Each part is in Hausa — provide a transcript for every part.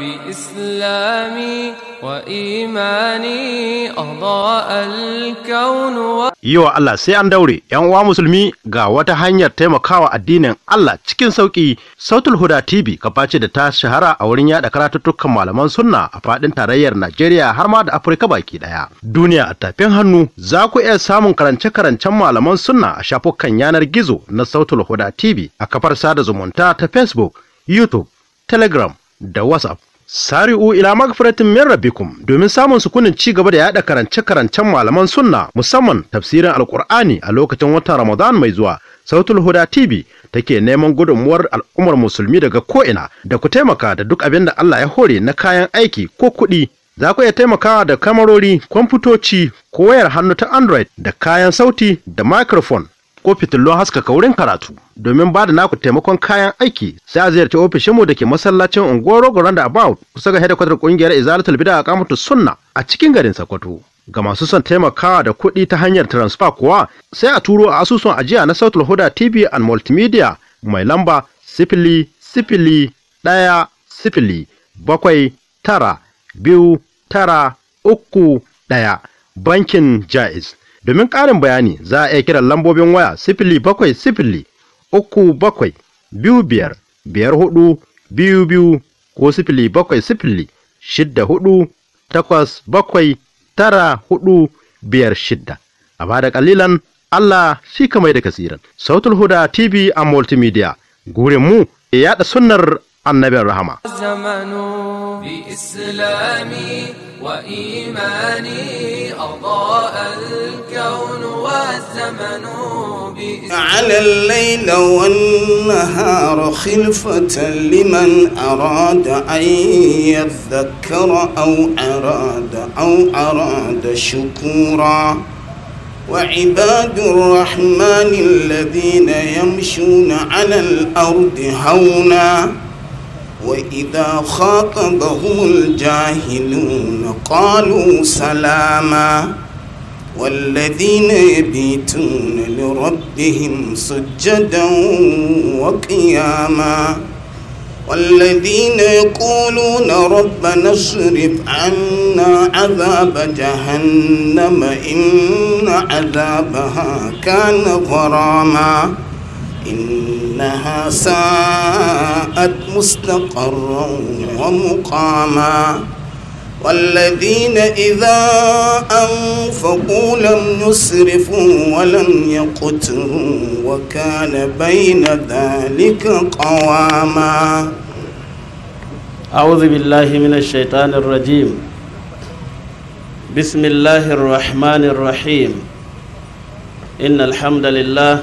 بإسلامي وإيماني أضاء الكون و... yiwa Allah sai an daure yan uwa musulmi ga wata hanyar taimakawa addinin Allah cikin sauƙi. Sautul Huda TV kaface da ta shahara a wurin yada karatuttukan malaman sunna a fadin tarayyar Najeriya har ma da Afirka baki daya duniya a tafin hannu za ku iya samun karance karancen malaman sunna a shafukan yanar gizo na Sautul Huda TV a kafar sada zumunta ta Facebook YouTube Telegram da WhatsApp. Sari'u ila magfiratin min rabbikum domin samun sukunin ci gaba da yada karance-karancen malaman sunna musamman tafsirin alkur'ani a lokacin watan Ramadan mai zuwa. Sautul Huda TV take neman gudunmuwar al'ummar musulmi daga ko'ina da ku taimaka da duk abin da Allah ya hore na kayan aiki ko kuɗi. Za ku iya taimakawa da kamarori, kwamfutoci, ko wayar hannu ta Android da kayan sauti da microphone ko fitillon haskaka wurin karatu domin ba da naku taimakon kayan aiki sai a ziyarci ofishinmu da ke masallacin unguwar rogo da about kusa ga kwatar kungiyar izalatul bida a kamatu sunna a cikin garin sokoto ga masu son taimakawa da kuɗi ta hanyar transfer kuwa sai a turo a asusun ajiya na sautul huda tv and multimedia mai lamba sifili sifili ɗaya sifili bakwai tara biyu tara uku ɗaya bankin jaiz Domin ƙarin bayani za a iya kira lambobin waya sifili bakwai sifili uku bakwai biyu biyar biyar hudu biyu biyu ko sifili bakwai sifili shidda hudu takwas bakwai tara hudu biyar shidda. A bada kalilan Allah shi kamai da kasiran. Sautul Huda TV a Multimedia. Gurin mu ya yada sunnar annabin rahama. وإيماني أضاء الكون والزمن على الليل والنهار خلفة لمن أراد أن يذكر أو أراد أو أراد شكورا وعباد الرحمن الذين يمشون على الأرض هونا وإذا خاطبهم الجاهلون قالوا سلاما والذين يبيتون لربهم سجدا وقياما والذين يقولون ربنا اصرف عنا عذاب جهنم إن عذابها كان غراما إنها ساءت مستقرا ومقاما والذين إذا أنفقوا لم يسرفوا ولم يقتروا وكان بين ذلك قواما أعوذ بالله من الشيطان الرجيم بسم الله الرحمن الرحيم إن الحمد لله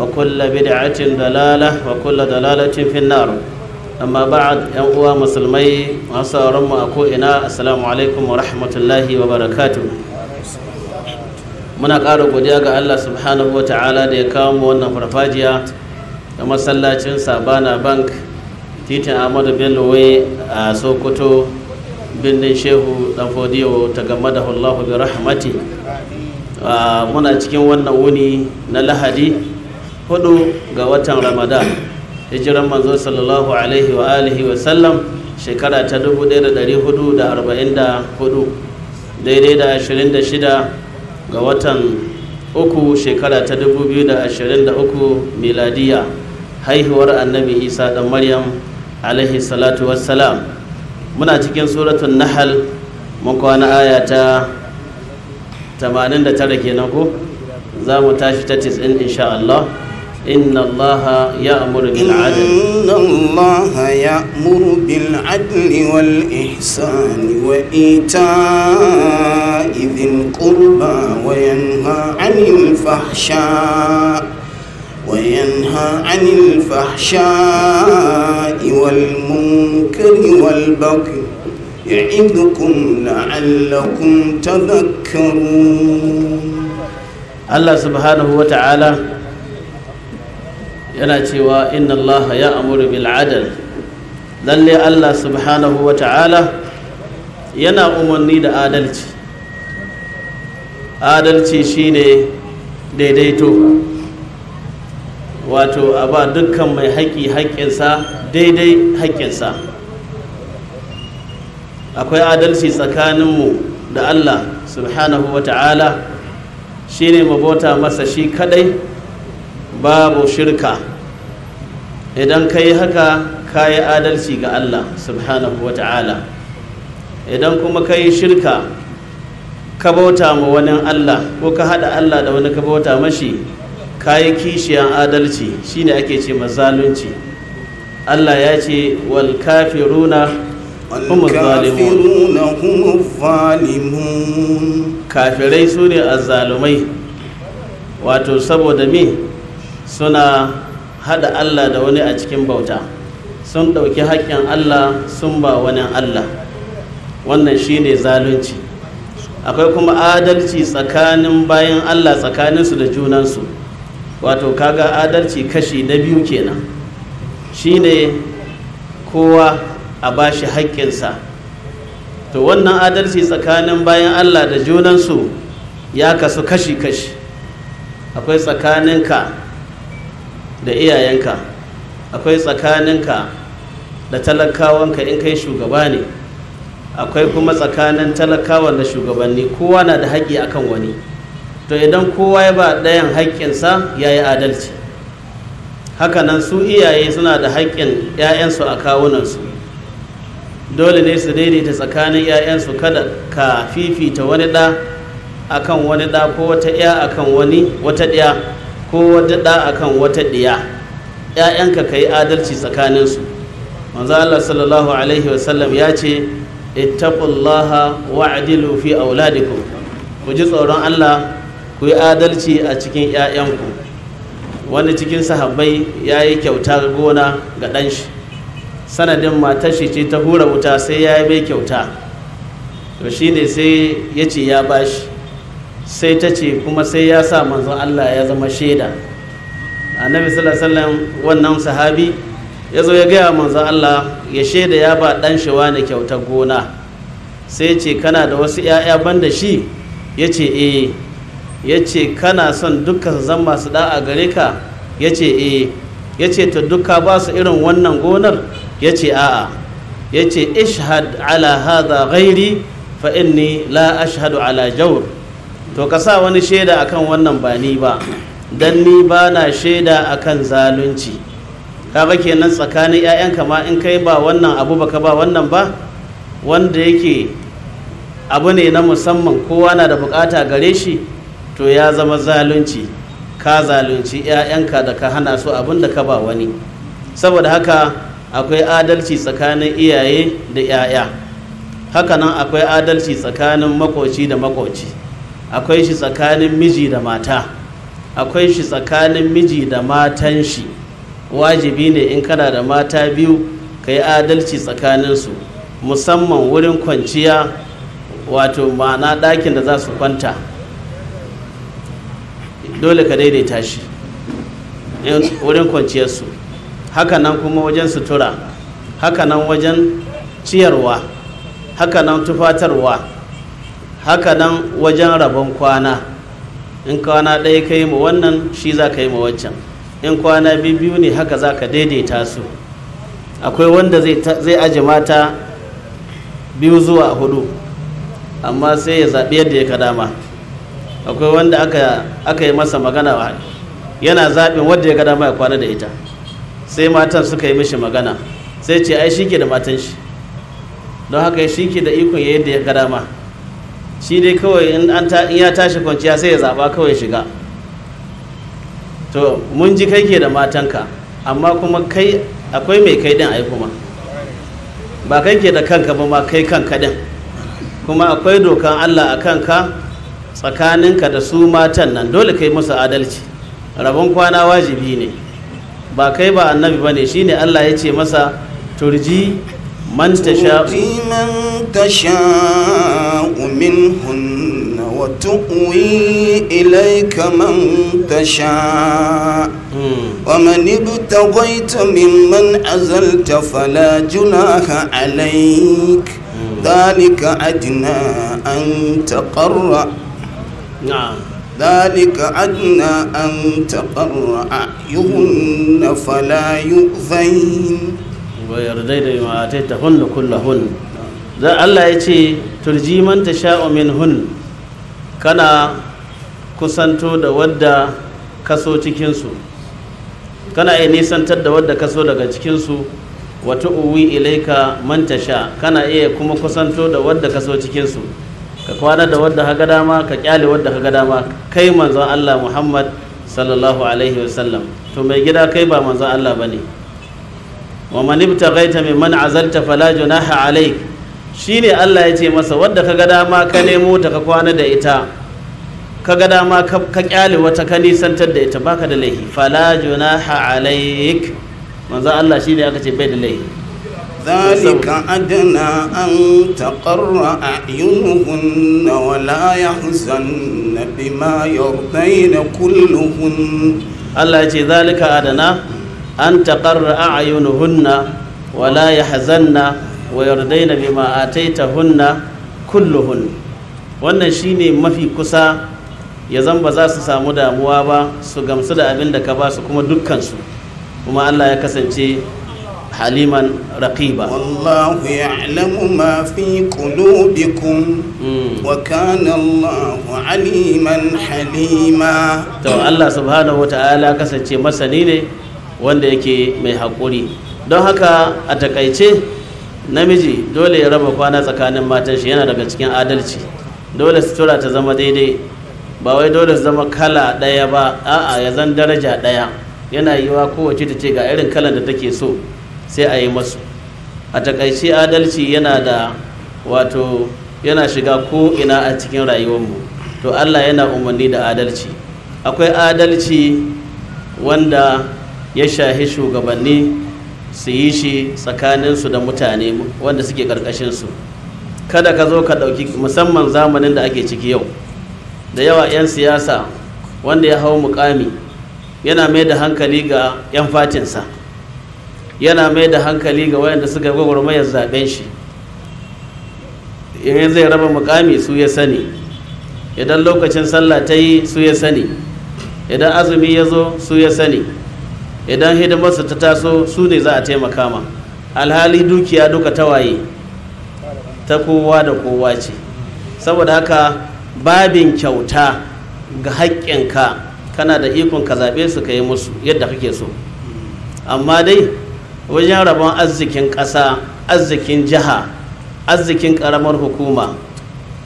وكل بدعة ضلالة وكل ضلالة في النار أما بعد mu مسلمي وصارم أكوئنا السلام عليكم ورحمة الله وبركاته muna ƙara godiya ga Allah subhanahu wa ta'ala da ya kawo mu wannan farfajiya da masallacin sabana bank titin ahmadu bello wai a sokoto birnin shehu dan fodiyo ta game da allahu bi rahmati muna cikin wannan wuni na lahadi hudu ga watan ramadan hijiran manzo sallallahu alaihi wa alihi wa sallam shekara ta 1444 daidai da 26 ga watan uku shekara ta 2023 miladiya haihuwar annabi isa dan maryam alaihi salatu wassalam muna cikin suratun nahal mun aya ta 89 kenan ko za mu tashi ta 90 insha Allah إن الله يأمر بالعدل إن الله يأمر بالعدل والإحسان وإيتاء ذي القربى وينهى عن الفحشاء وينهى عن الفحشاء والمنكر والبغي يعظكم لعلكم تذكرون الله سبحانه وتعالى yana cewa inna Allah ya amuru bil adal lalle Allah subhanahu wa ta'ala yana umarni da adalci adalci shine daidaito wato a ba dukkan mai haƙi haƙƙinsa daidai haƙƙinsa akwai adalci tsakaninmu da Allah subhanahu wa ta'ala shine mabota masa shi kadai babu shirka idan ka yi haka ka yi adalci ga Allah subhanahu wa ta'ala idan kuma ka yi shirka ka bauta ma wani Allah ko ka haɗa Allah da wani ka bauta mashi ka yi kishiyan adalci shi ne ake ce mazalunci Allah ya ce wal kafiruna kafirai الظالمون هم الظالمون wato saboda me suna hada Allah da wani a cikin bauta sun ɗauki haƙƙin Allah sun ba wani Allah wannan shine zalunci akwai kuma adalci tsakanin bayan Allah tsakaninsu da junansu wato kaga adalci kashi na biyu kenan shine kowa a bashi haƙƙinsa to wannan adalci tsakanin bayan Allah da junansu ya kasu kashi-kashi akwai tsakaninka da iyayenka akwai tsakaninka da talakawanka in kai shugaba ne akwai kuma tsakanin talakawan da shugabanni kowa na da haƙƙi akan wani to idan kowa ya ba ɗayan haƙƙinsa ya yi adalci hakanan su iyaye suna da haƙƙin 'ya'yansu a kawunansu dole ne su daidaita tsakanin 'ya'yansu kada ka fifita wani ɗa akan wani ɗa ko wata 'ya akan wani wata ɗaya ko wata ɗa akan wata ɗiya ‘ya'yanka ka yi adalci tsakaninsu manzo Allah sallallahu alaihi wasallam ya ce ittaqullaha wa'dilu fi auladikum ku ji tsoron Allah ku yi adalci a cikin ‘ya'yanku wani cikin sahabbai ya yi kyauta gona ga ɗan shi sanadin matar shi ce ta hura wuta sai ya yi mai kyauta to ne sai ya ce ya bashi sai ta ce kuma sai ya sa manzon Allah ya zama shaida annabi sallallahu alaihi wannan sahabi ya zo ya gaya manzon Allah ya shaida ya ba dan shi wani kyautar gona sai ce kana da wasu 'ya'ya banda shi ya ce eh ya ce kana son dukkan zan masu a gare ka ya ce eh ya ce ta duka ba su irin wannan gonar ya ce a'a ya ce ishhad ala hadha ghairi fa inni la ashhadu ala jawr to ka sa wani shaida akan wannan ba ni ba dan ni ba na shaida akan zalunci ba kenan tsakanin 'ya'yanka ma in kai ba wannan abu baka ba wannan ba wanda yake abu ne na musamman kowa na da bukata gare shi to ya zama zalunci ka zalunci 'ya'yanka da ka hana su abin da ka ba wani saboda haka akwai adalci tsakanin iyaye da 'ya'ya hakanan akwai adalci tsakanin makoci da makoci akwai shi tsakanin miji da mata akwai shi tsakanin miji da matan shi wajibi ne in kana da mata biyu ka yi adalci tsakaninsu musamman wurin kwanciya wato ma'ana ɗakin da za su kwanta dole ka daidaita shi wurin kwanciyarsu hakanan kuma wajen sutura hakanan wajen ciyarwa hakanan tufatarwa haka nan wajen rabon kwana in kwana ɗaya ka yi ma wannan shi za ka yi ma waccan in kwana biyu ne haka za ka daidaita su akwai wanda zai aji mata biyu zuwa hudu amma sai ya zaɓi yadda ya ka dama akwai wanda aka yi masa magana yana zaɓin wadda ya ka dama ya kwana da ita sai matan suka yi mishi magana sai ce ai shi ke da matan shi don haka shi ke da ikon yadda ya ka dama shi dai kawai in ya tashi kwanciya sai ya zaba kawai shiga to mun ji kai ke da matanka amma kuma kai akwai mai kai din ai kuma ba kai ke da kanka ba ma kai kanka din kuma akwai dokan allah a kanka tsakaninka da su matan nan dole kai musu adalci rabon kwana wajibi ne ba kai ba annabi ba ne shine allah ya ce masa turji من تشاء من تشاء منهن وتؤوي إليك من تشاء ومن ابتغيت ممن أزلت فلا جناح عليك ذلك أدنى أن تقر نعم ذلك أدنى أن تقر أعينهن فلا يؤذين wa yardai da ma ta hunna kullahun dan Allah ya ce turji man tasha'u minhun kana kusanto da wadda kaso cikinsu kana iya nisantar da wadda kaso daga cikinsu wata uwi ilaika manta sha kana iya kuma kusanto da wadda kaso cikinsu ka kwana da wadda haga dama ka kyale wadda haga dama kai manzon Allah Muhammad sallallahu alaihi to mai gida kai ba manzon Allah bane wa man ibtaghaita mimman azalta fala junaha alayk shine Allah ya ce masa wanda kaga dama ka nemo ta ka kwana da ita kaga dama ka kyale wata ka nisantar da ita baka da laifi fala junaha alayk manzo Allah shine aka ce bai da laihi ذلك أدنى أن تقر أعينهن ولا يحزن بما يرضين كلهن الله يجي ذلك أدنى an taqarra a'yunuhunna wa la yahzanna wa yardaina bima ataitahunna kulluhun wannan shine mafi kusa ya zan ba za su samu damuwa ba su gamsu da abin da ka ba su kuma dukkansu kuma Allah ya kasance haliman raqiba wallahu ya'lamu ma fi qulubikum hmm. wa kana Allahu aliman halima to Allah subhanahu wa ta'ala kasance masani ne wanda yake mai haƙuri don haka a takaice namiji dole ya raba kwana tsakanin matan shi yana daga cikin adalci dole sutura ta zama daidai ba wai dole su zama kala ɗaya ba a'a ya zan daraja ɗaya yana yiwa kowace ta ce ga irin kalan da take so sai a yi masu a takaice adalci yana da wato yana shiga ko ina a cikin rayuwarmu to allah yana umarni da adalci akwai adalci wanda ya shahi shugabanni su yi shi tsakaninsu da mutane wanda suke ƙarƙashinsu kada ka zo ka ɗauki musamman zamanin da ake ciki yau da yawa 'yan siyasa wanda ya hau mukami yana mai da hankali ga 'yan fatinsa yana mai da hankali ga wayanda suka gwagwarmayar zaben shi in zai raba mukami su ya sani idan lokacin sallah ta yi su ya sani idan azumi ya zo su ya sani idan hidimarsa ta taso su ne za a taimaka ma alhali dukiya duka ta waye ta kowa da kowa ce saboda haka babin kyauta ga haƙƙinka kana da ikon ka zaɓe su ka yi musu yadda kake so amma dai wajen rabon arzikin ƙasa arzikin jiha arzikin ƙaramar hukuma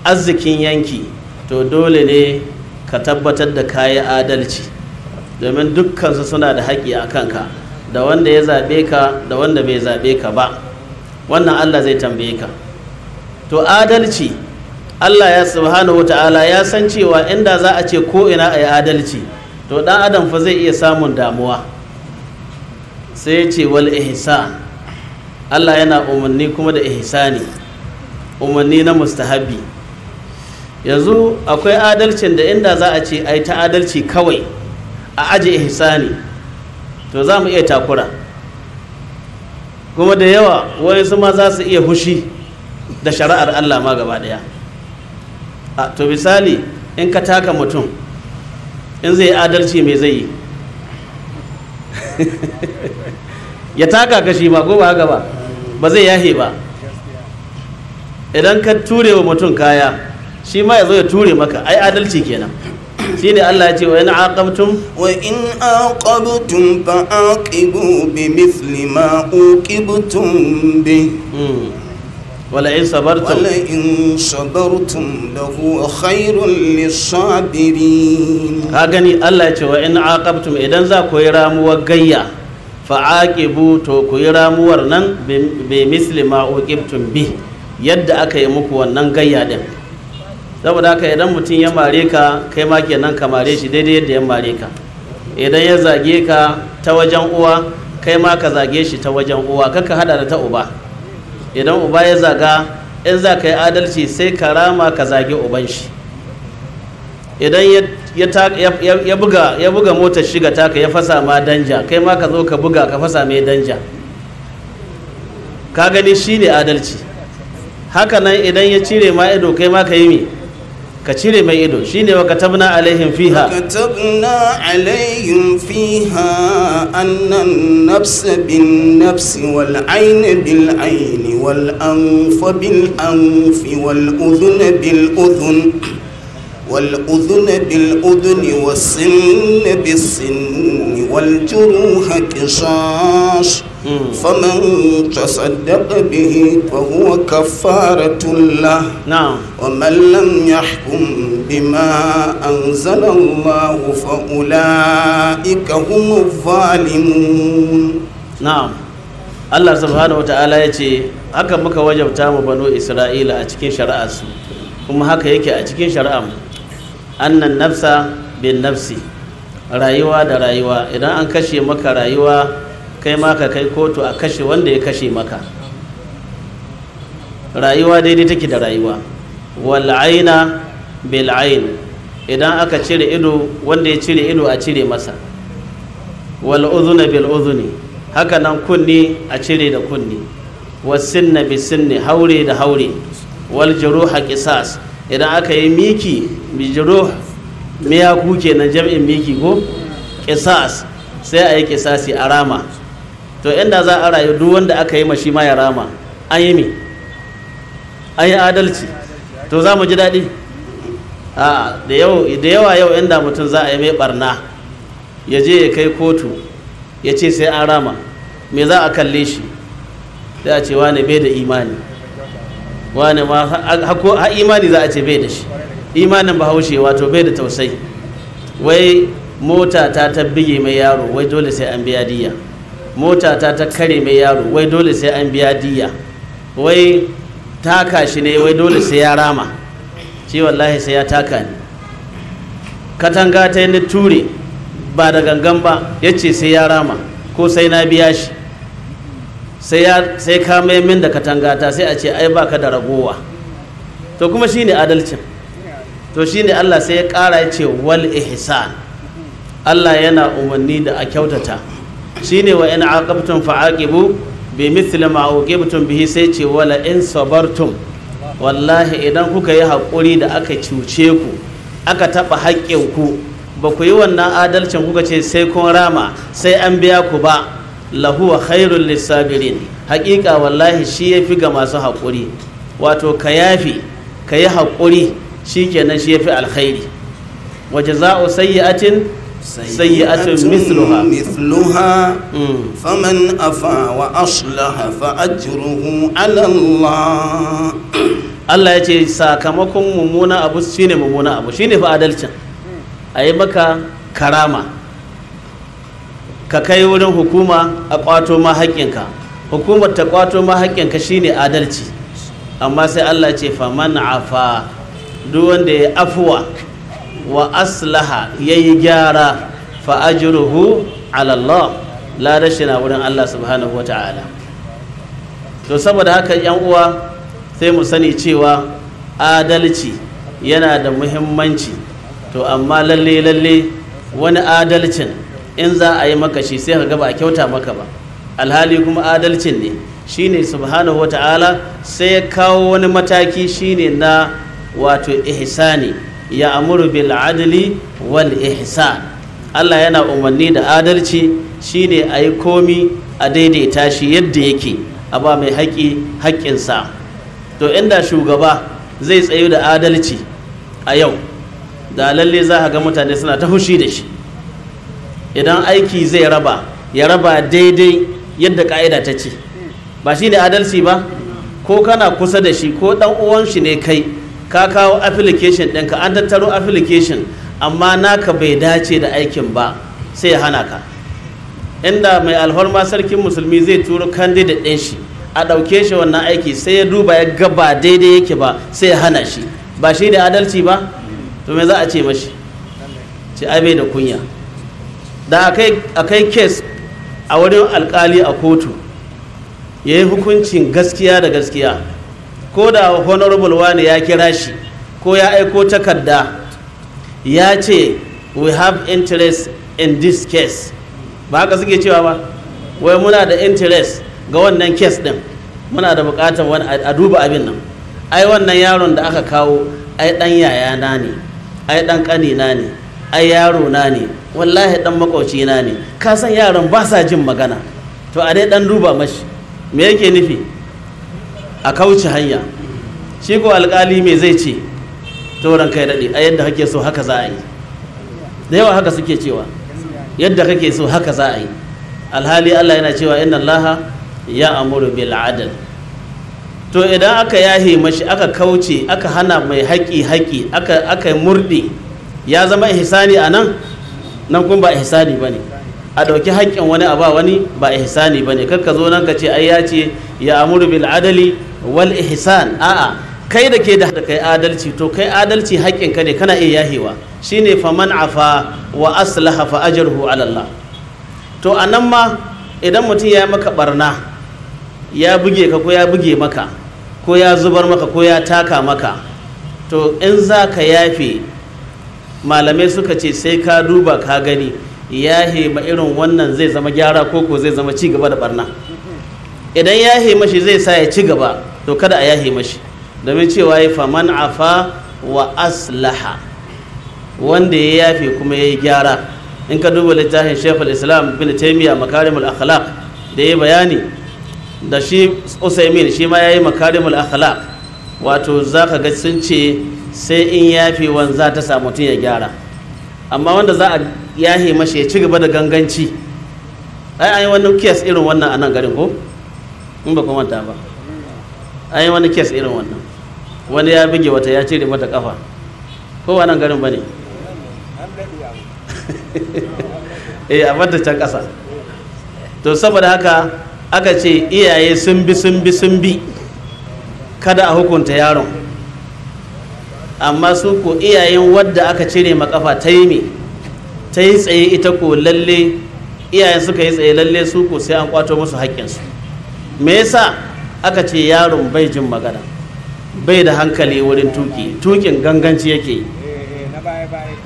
arzikin yanki to dole ne ka tabbatar da kayi adalci domin dukkansu suna da haƙƙi a kanka da wanda ya zaɓe ka da wanda bai zaɓe ka ba wannan allah zai tambaye ka to adalci allah ya subhanahu ta'ala ya san cewa inda za a ce ko'ina ina a yi adalci to ɗan adam fa zai iya samun damuwa sai ya ce wal ihsan allah yana umarni kuma da ihsani umarni na mustahabi yanzu akwai adalcin da inda za a ce ai ta adalci kawai a aje ihsani to za mu iya takura kuma da yawa wani su ma za su iya hushi da shari'ar Allah ma gaba daya to misali in ka taka mutum in zai adalci mai zai yi ya taka kashi ma ko ba haka ba ba zai yahe ba idan ka ture wa mutum kaya shi ma ya zo ya ture maka ai adalci kenan shi ne Allah ya ce wa yana aqabtum wa in aqabtum fa aqibu bi misli ma uqibtum bi hmm. wala in sabartum wala in sabartum lahu khairul lisabirin ha gani Allah ya ce wa in aqabtum idan za ku yi ramuwar gayya fa aqibu to ku yi ramuwar nan bi misli ma uqibtum bi yadda aka yi muku wannan gayya din saboda haka idan mutum ya mare ka kai ma kenan ka mare shi daidai yadda ya mare ka idan ya zage ka ta wajen uwa kai ma ka zage shi ta wajen uwa kaka hada da ta uba idan uba ya zaga in za ka yi adalci sai ka rama ka zage uban shi idan ya buga motar shiga taka ya fasa ma danja kai ma ka zo ka buga ka fasa mai danja ka gani shi ne adalci hakanan idan ya cire ma ido kai ma ka yi mai ka cire mai ido shine wa katabna alaihim fiha katabna alaihim fiha annan nafs bin nafs wal ayn bil ayn wal anf bil anf wal udhun bil udhun والأذن بالأذن والسن بالسن والجروح قصاص فمن تصدق به فهو كفارة له نعم ومن لم يحكم بما أنزل الله فأولئك هم الظالمون نعم Allah subhanahu wata'ala ya ce haka muka wajabta mu banu Isra'ila a cikin shari'arsu kuma haka yake a cikin shari'ar annan nafsa bin nafsi rayuwa da rayuwa idan an kashe maka rayuwa kai ma ka kai kotu a kashe wanda ya kashe maka rayuwa daidai take da rayuwa wal aina bil ain idan aka cire ido wanda ya cire ido a cire masa wal uzuna bil haka nan kunni a cire da kunni na bis sinni haure da haure wal juruha qisas idan aka yi miki bi juruh miyaku kenan jam'in miki ko qisas sai a yi qisasi a rama to inda za a rayu duk wanda aka yi mashi ma ya rama an yi mi an yi adalci to za mu ji daɗi da yawa yau inda mutum za a yi mai barna ya je ya kai kotu ya ce sai an rama me za a kalle shi da a ce wane bai da imani wane ma ha imani za a ce bai da shi imanin bahaushe wato bai da tausayi wai mota ta tabbige mai yaro wai dole sai an biya diya mota ta ta kare mai yaro wai dole sai an biya diya wai taka shi ne wai dole sai ya rama shi wallahi sai ya taka ni katanga ta yi ture ba da gangan ba ya ce sai ya rama ko sai na biya shi sai ka mai min da katanga ta sai a ce ai baka da ragowa to kuma shi ne adalcin to shi ne Allah sai ya kara ya ce wal ihsan Allah yana umarni da a kyautata shine wa in aqabtum fa aqibu bi mithli ma uqibtum bihi sai ce wala in sabartum wallahi idan kuka yi haƙuri da aka cuce ku aka taɓa haƙƙin ku ba ku yi wannan adalcin kuka ce sai kun rama sai an biya ku ba lahuwa khairul lissabirin haƙiƙa wallahi shi ya fi ga masu haƙuri wato ka yafi ka yi haƙuri shi kenan shi ya fi alkhairi wa jaza'u sayyi'atin سيئة مثلها مثلها فمن أفا وأصلح فأجره على الله Allah ya sakamakon mummuna abu shine mummuna abu shine fa adalcin a maka karama ka kai wurin hukuma a kwato ma haƙƙinka hukumar ta kwato ma haƙƙinka shine adalci amma sai Allah ce faman afa duk wanda ya afuwa wa aslaha yi gyara fa ajruhu ala Allah na wurin Allah subhanahu wa ta'ala to saboda haka yan uwa sai mu sani cewa adalci yana da muhimmanci to amma lalle lalle wani adalcin in za a yi maka shi sai ka gaba a kyauta maka ba alhali kuma adalcin ne shine subhanahu wa ta'ala sai ya kawo wani mataki shine na wato ihsani ya amuru bil adali wal ihsan Allah yana umarni da adalci shine a yi komi a daidaita shi yadda yake a ba mai haƙi haƙƙinsa to inda shugaba zai tsayu da adalci a yau da lalle za ga mutane suna ta fushi da shi idan aiki zai raba ya raba daidai yadda ka'ida ta ce ba shi ne adalci ba ko kana kusa da shi ko ɗan uwan shi ne kai ka kawo application ɗinka an tattaro application amma naka bai dace da aikin ba sai ya hana ka inda mai alhorma sarkin musulmi zai turo candidate ɗin shi a ɗauke shi wannan aiki sai ya duba ya ga ba daidai yake ba sai ya hana shi ba shi da adalci ba to me za a ce mashi ce ai bai da kunya da akai kes a wurin alkali a kotu ya yi hukuncin gaskiya da gaskiya ko da honorable wani ya kira shi ko ya aiko takarda ya ce we have interest in this case ba haka suke cewa ba wai muna da interest ga wannan case din muna da bukatar wani a duba abin nan ai wannan yaron da aka kawo ai dan yayana ne ai dan kanina ne ai yaro na ne wallahi dan makwauci na ne ka san yaran ba sa jin magana to a dai dan duba mashi me yake nufi a kauce hanya shi ko alkali mai zai ce tauran kai daɗe a yadda kake so haka za a yi da yawa haka suke cewa yadda kake so haka za a yi alhali allah yana cewa inna allaha ya amuru bil adal to idan aka yahe mashi aka kauce aka hana mai haƙi haƙi aka aka murɗe ya zama ihsani a nan nan kun ba ihsani ne, a ɗauki haƙƙin wani a ba wani ba ihsani bane kar ka zo nan ka ce ai ya ce ya amuru bil adali wal ihsan a'a kai da ke da kai adalci to kai adalci haƙƙinka ne kana iya yahewa shine faman afa wa aslaha fa ajruhu ala Allah to anan ma idan mutum ya maka barna ya buge ka ko ya buge maka ko ya zubar maka ko ya taka maka to in za ka yafe malamai suka ce sai ka duba ka gani ya hema irin wannan zai zama gyara ko zai zama ci gaba da barna idan ya hema shi zai sa ya ci gaba to kada a yahe mashi domin cewa ya faman afa wa aslaha wanda ya yafe kuma ya yi gyara in ka duba littafin shekul islam bin taimiya makarimul akhlaq da ya bayani da shi usaimin shi ma ya yi makarimul akhlaq wato za ka ga sun ce sai in yafewan za ta samu tun ya gyara amma wanda za a yahe mashi ya ci gaba da ganganci ai an yi wani kiyas irin wannan a nan garin ko in ba kuma manta ba an yi wani kes irin wannan wani ya buge wata ya cire mata kafa ko nan garin ba ne eh a mata can ƙasa to saboda haka aka ce iyaye sun bi sun bi sun bi kada a hukunta yaron amma su ko iyayen wadda aka cire makafa ta yi me ta yi tsaye ita ko lalle iyayen suka yi tsaye lalle su ko sai an kwato musu haƙƙinsu me yasa aka ce yaron bai jin magana bai da hankali wurin tuki tukin ganganci yake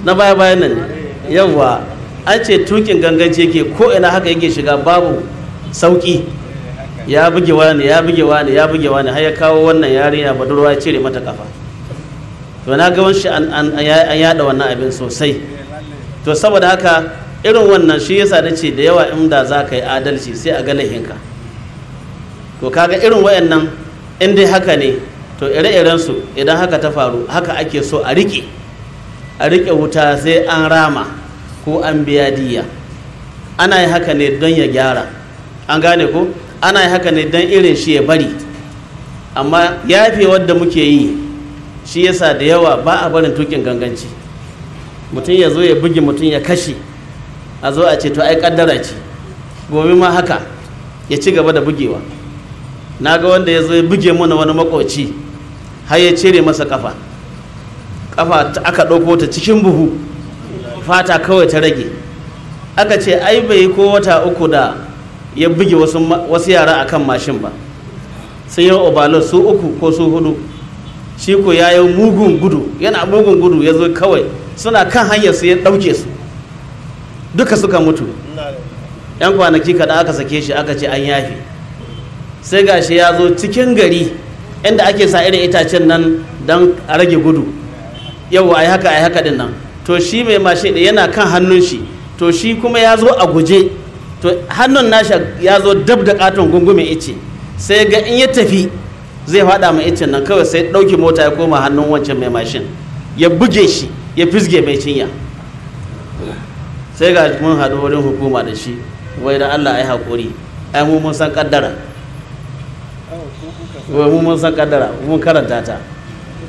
na baya baya nan yawwa, an ce tukin ganganci yake ko ina haka yake shiga babu sauki ya buge wani ya buge wani ya buge wani har ya kawo wannan yarinya budurwa ya cire mata kafa to na ga wanshi an yada wannan abin sosai to saboda haka irin wannan shi yasa ce da yawa inda za ka yi adalci sai a ga lahinka to kaga irin wayannan in dai haka ne to ire-iren su idan haka ta faru haka ake so a rike a rike wuta sai an rama ko an biya diya ana yi haka ne don ya gyara an gane ko ana yi haka ne don irin shi ya bari amma ya fi wadda muke yi shi yasa da yawa ba a barin tukin ganganci mutum ya zo ya bugi mutum ya kashe a zo a ce to ai kaddara ce gobe ma haka ya ci gaba da bugewa na ga wanda ya zo ya buge mana wani makoci har ya cire masa kafa kafa aka ɗauko ta cikin buhu fata kawai ta rage aka ce ai bai ko wata uku da ya buge wasu yara akan mashin ba Sun yi obalo su uku ko su hudu shi ko ya yi mugun gudu yana mugun gudu ya zo kawai suna kan hanyar su ya ɗauke su duka suka mutu yan kwanaki kaɗan aka sake shi aka ce an yafi sai gashi ya zo cikin gari inda ake sa irin itacen nan don a rage gudu yau a yi haka a yi haka din nan to shi mai mashin da yana kan hannun shi to shi kuma ya zo a guje to hannun nashi ya zo dab da katon gungume ice sai ga in ya tafi zai fada mai icen nan kawai sai ɗauki mota ya koma hannun wancan mai mashin ya buge shi ya fisge mai cinya sai ga mun haɗu wurin hukuma da shi wai da allah ai haƙuri ai mu mun san ƙaddara mu mun san kaddara mun karanta ta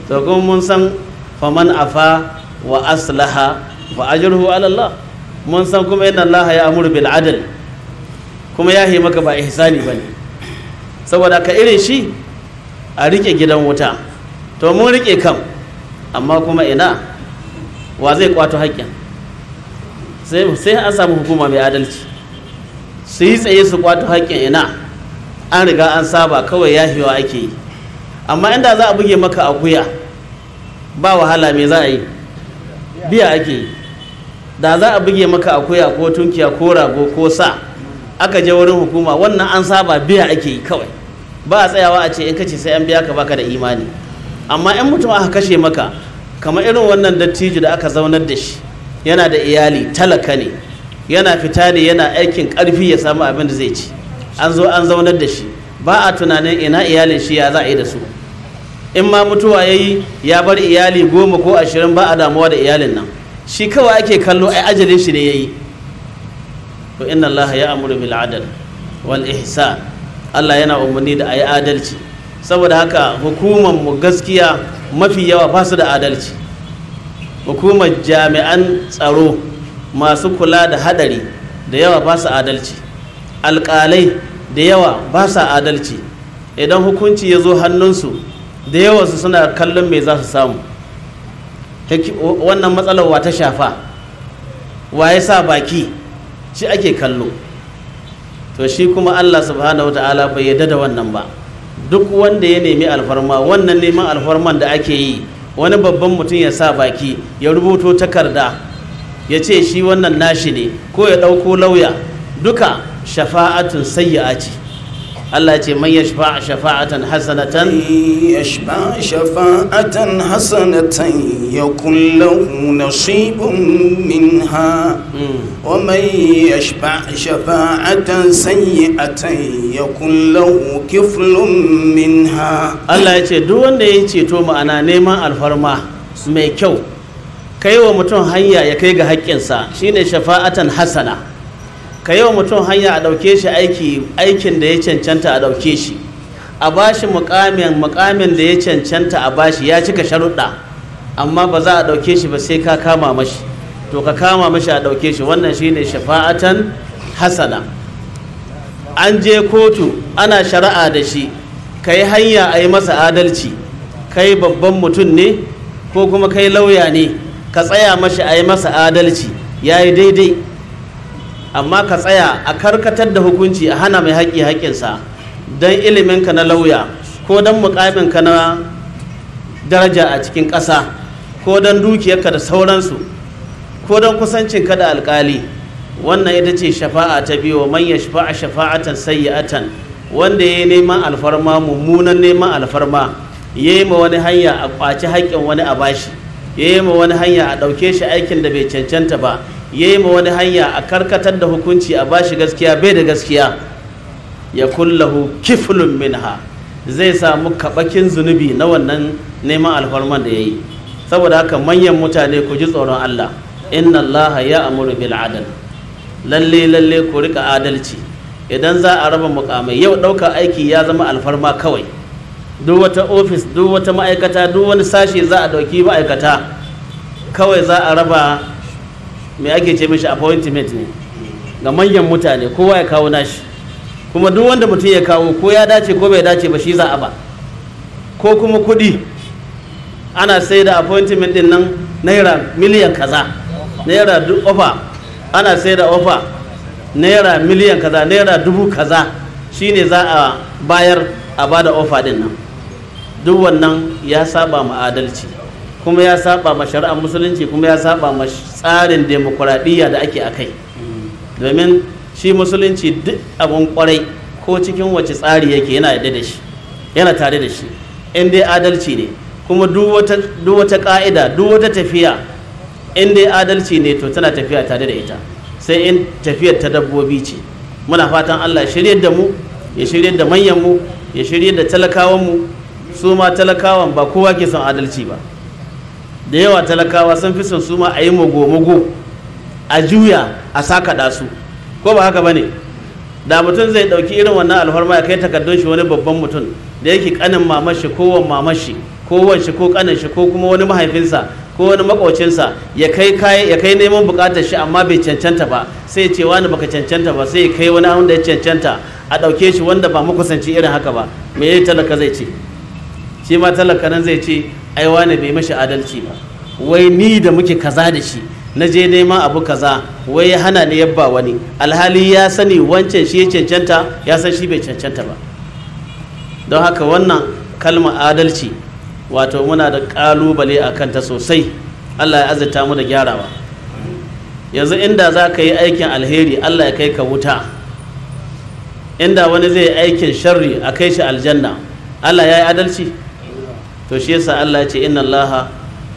to kuma mun san faman afa wa aslaha fa ajruhu ala Allah mun san kuma inna Allah ya amuru bil adl kuma ya maka ba ihsani bane saboda ka irin shi a rike gidan wuta to mun rike kan amma kuma ina wa zai kwato haƙƙin sai an samu hukuma mai adalci su yi tsaye su kwato haƙƙin ina an riga an saba kawai yahewa ake yi amma inda za a buge maka akuya ba wahala me za a yi biya ake yi da za a buge maka akuya ko tunkiya ko rago ko sa aka je wurin hukuma wannan an saba biya ake yi kawai ba a tsayawa a ce in kace sai an biya ka baka da imani amma in mutum aka kashe maka kamar irin wannan dattijo da aka zaunar da shi yana da iyali talaka ne yana fita ne yana aikin karfi ya samu abin da zai ci an zo an zaunar da shi ba a tunanin ina iyalin shi ya za a yi da su in ma mutuwa ya yi ya bar iyali goma ko ashirin ba a damuwa da iyalin nan shi kawai ake kallo ai ajalin shi ne ya yi to inna allaha ya amuru bil adal wal ihsan allah yana umarni da ayi adalci saboda haka hukumar mu gaskiya mafi yawa ba su da adalci hukumar jami'an tsaro masu kula da hadari da yawa ba su adalci alƙalai da yawa ba sa adalci idan hukunci ya zo hannunsu da yawa su suna kallon mai za su samu wannan matsalar wa ta shafa wa ya sa baki shi ake kallo to shi kuma allah subhanahu wa ta'ala bai yadda da wannan ba duk wanda ya nemi alfarma wannan neman alfarman da ake yi wani babban mutum ya sa baki ya rubuto takarda ya ce shi wannan nashi ne ko ya ɗauko lauya duka shafa'atun sayyi'a ce Allah ce man yashfa shafa'atan hasanatan yashfa shafa'atan hasanatan yakun lahu nasibun minha hmm. wa man yashfa shafa'atan sayyi'atan yakun lahu kiflun minha Allah ya ce duk wanda ya ceto ma'ana neman alfarma mai kyau kai wa mutum hanya ya kai ga haƙƙinsa shine shafa'atan hasana ka yi wa mutum hanya a ɗauke shi aiki aikin da ya cancanta a ɗauke shi a bashi mukamin mukamin da ya cancanta a bashi ya cika sharuɗa amma ba za a ɗauke shi ba sai ka kama mashi to ka kama mashi a ɗauke shi wannan shi ne shafa'atan hasana an je kotu ana shari'a da shi ka yi hanya a yi masa adalci kai babban mutum ne ko kuma kai lauya ne ka tsaya mashi a yi masa adalci ya yi daidai amma ka tsaya a karkatar da hukunci a hana mai haƙƙi haƙƙinsa don iliminka na lauya ko don muƙaminka na daraja a cikin ƙasa ko don dukiyarka da sauransu ko don kusancinka da alƙali wannan ita ce shafa'a ta biyu man ya shafa'a shafa'atan sayyi'atan wanda ya yi neman alfarma mummunan neman alfarma ya yi ma wani hanya a ƙwaci haƙƙin wani a bashi ya yi ma wani hanya a ɗauke shi aikin da bai cancanta ba ya yi ma wani hanya a karkatar da hukunci a bashi gaskiya bai da gaskiya ya kullahu min minha zai samu kabakin zunubi na wannan neman alfarman da ya yi saboda haka manyan mutane ku ji tsoron Allah inna Allah ya amuru bil adal lalle lalle ku rika adalci idan za a raba mukamai yau dauka aiki ya zama alfarma kawai duk wata ofis duk wata ma'aikata duk wani sashe za a ɗauki ma'aikata kawai za a raba me ake ce mishi appointment ne ga manyan mutane kowa ya kawo nashi kuma duk wanda mutum ya kawo ko ya dace ko bai dace ba shi za a ba ko kuma kuɗi ana sai da appointment din nan naira miliyan kaza naira ofa ana sai da ofa naira miliyan kaza naira dubu kaza shine za a bayar a bada ofa din nan duk wannan ya saba ma adalci kuma ya saba ma shari'ar musulunci kuma ya saba ma tsarin demokuraɗiyya da ake a kai domin shi musulunci duk abin kwarai ko cikin wace tsari yake yana yadda da shi yana tare da shi in dai adalci ne kuma duk wata ka'ida duk wata tafiya in dai adalci ne to tana tafiya tare da ita sai in tafiyar ta dabbobi ce muna fatan allah shirya da mu ya shirya da manyanmu ya shirya da talakawanmu su ma talakawan ba kowa ke son adalci ba da yawa talakawa sun fi son su a yi mago-mago a juya a sakaɗa su ko ba haka ba ne da mutum zai ɗauki irin wannan alfarma ya kai takardun shi wani babban mutum da yake kanin mamashi ko wan mamashi ko wan shi ko kanin shi ko kuma wani mahaifinsa ko wani makocinsa ya kai kai ya kai neman bukatar shi amma bai cancanta ba sai ya ce wani baka cancanta ba sai ya kai wani wanda ya cancanta a ɗauke shi wanda ba makusanci irin haka ba me talaka zai ce shi ma talaka nan zai ce ai wane bai mashi adalci ba wai ni da muke kaza da shi na je nema abu kaza wai ya hana ni yabba wani alhali ya sani wancan shi ya cancanta ya san shi bai cancanta ba don haka wannan kalma adalci wato muna da kalubale a kanta sosai allah ya azurta mu da gyarawa yanzu inda za ka yi aikin alheri allah ya kai ka wuta inda wani zai yi aikin sharri a kai shi aljanna allah ya yi adalci to shi yasa Allah ya ce inna Allah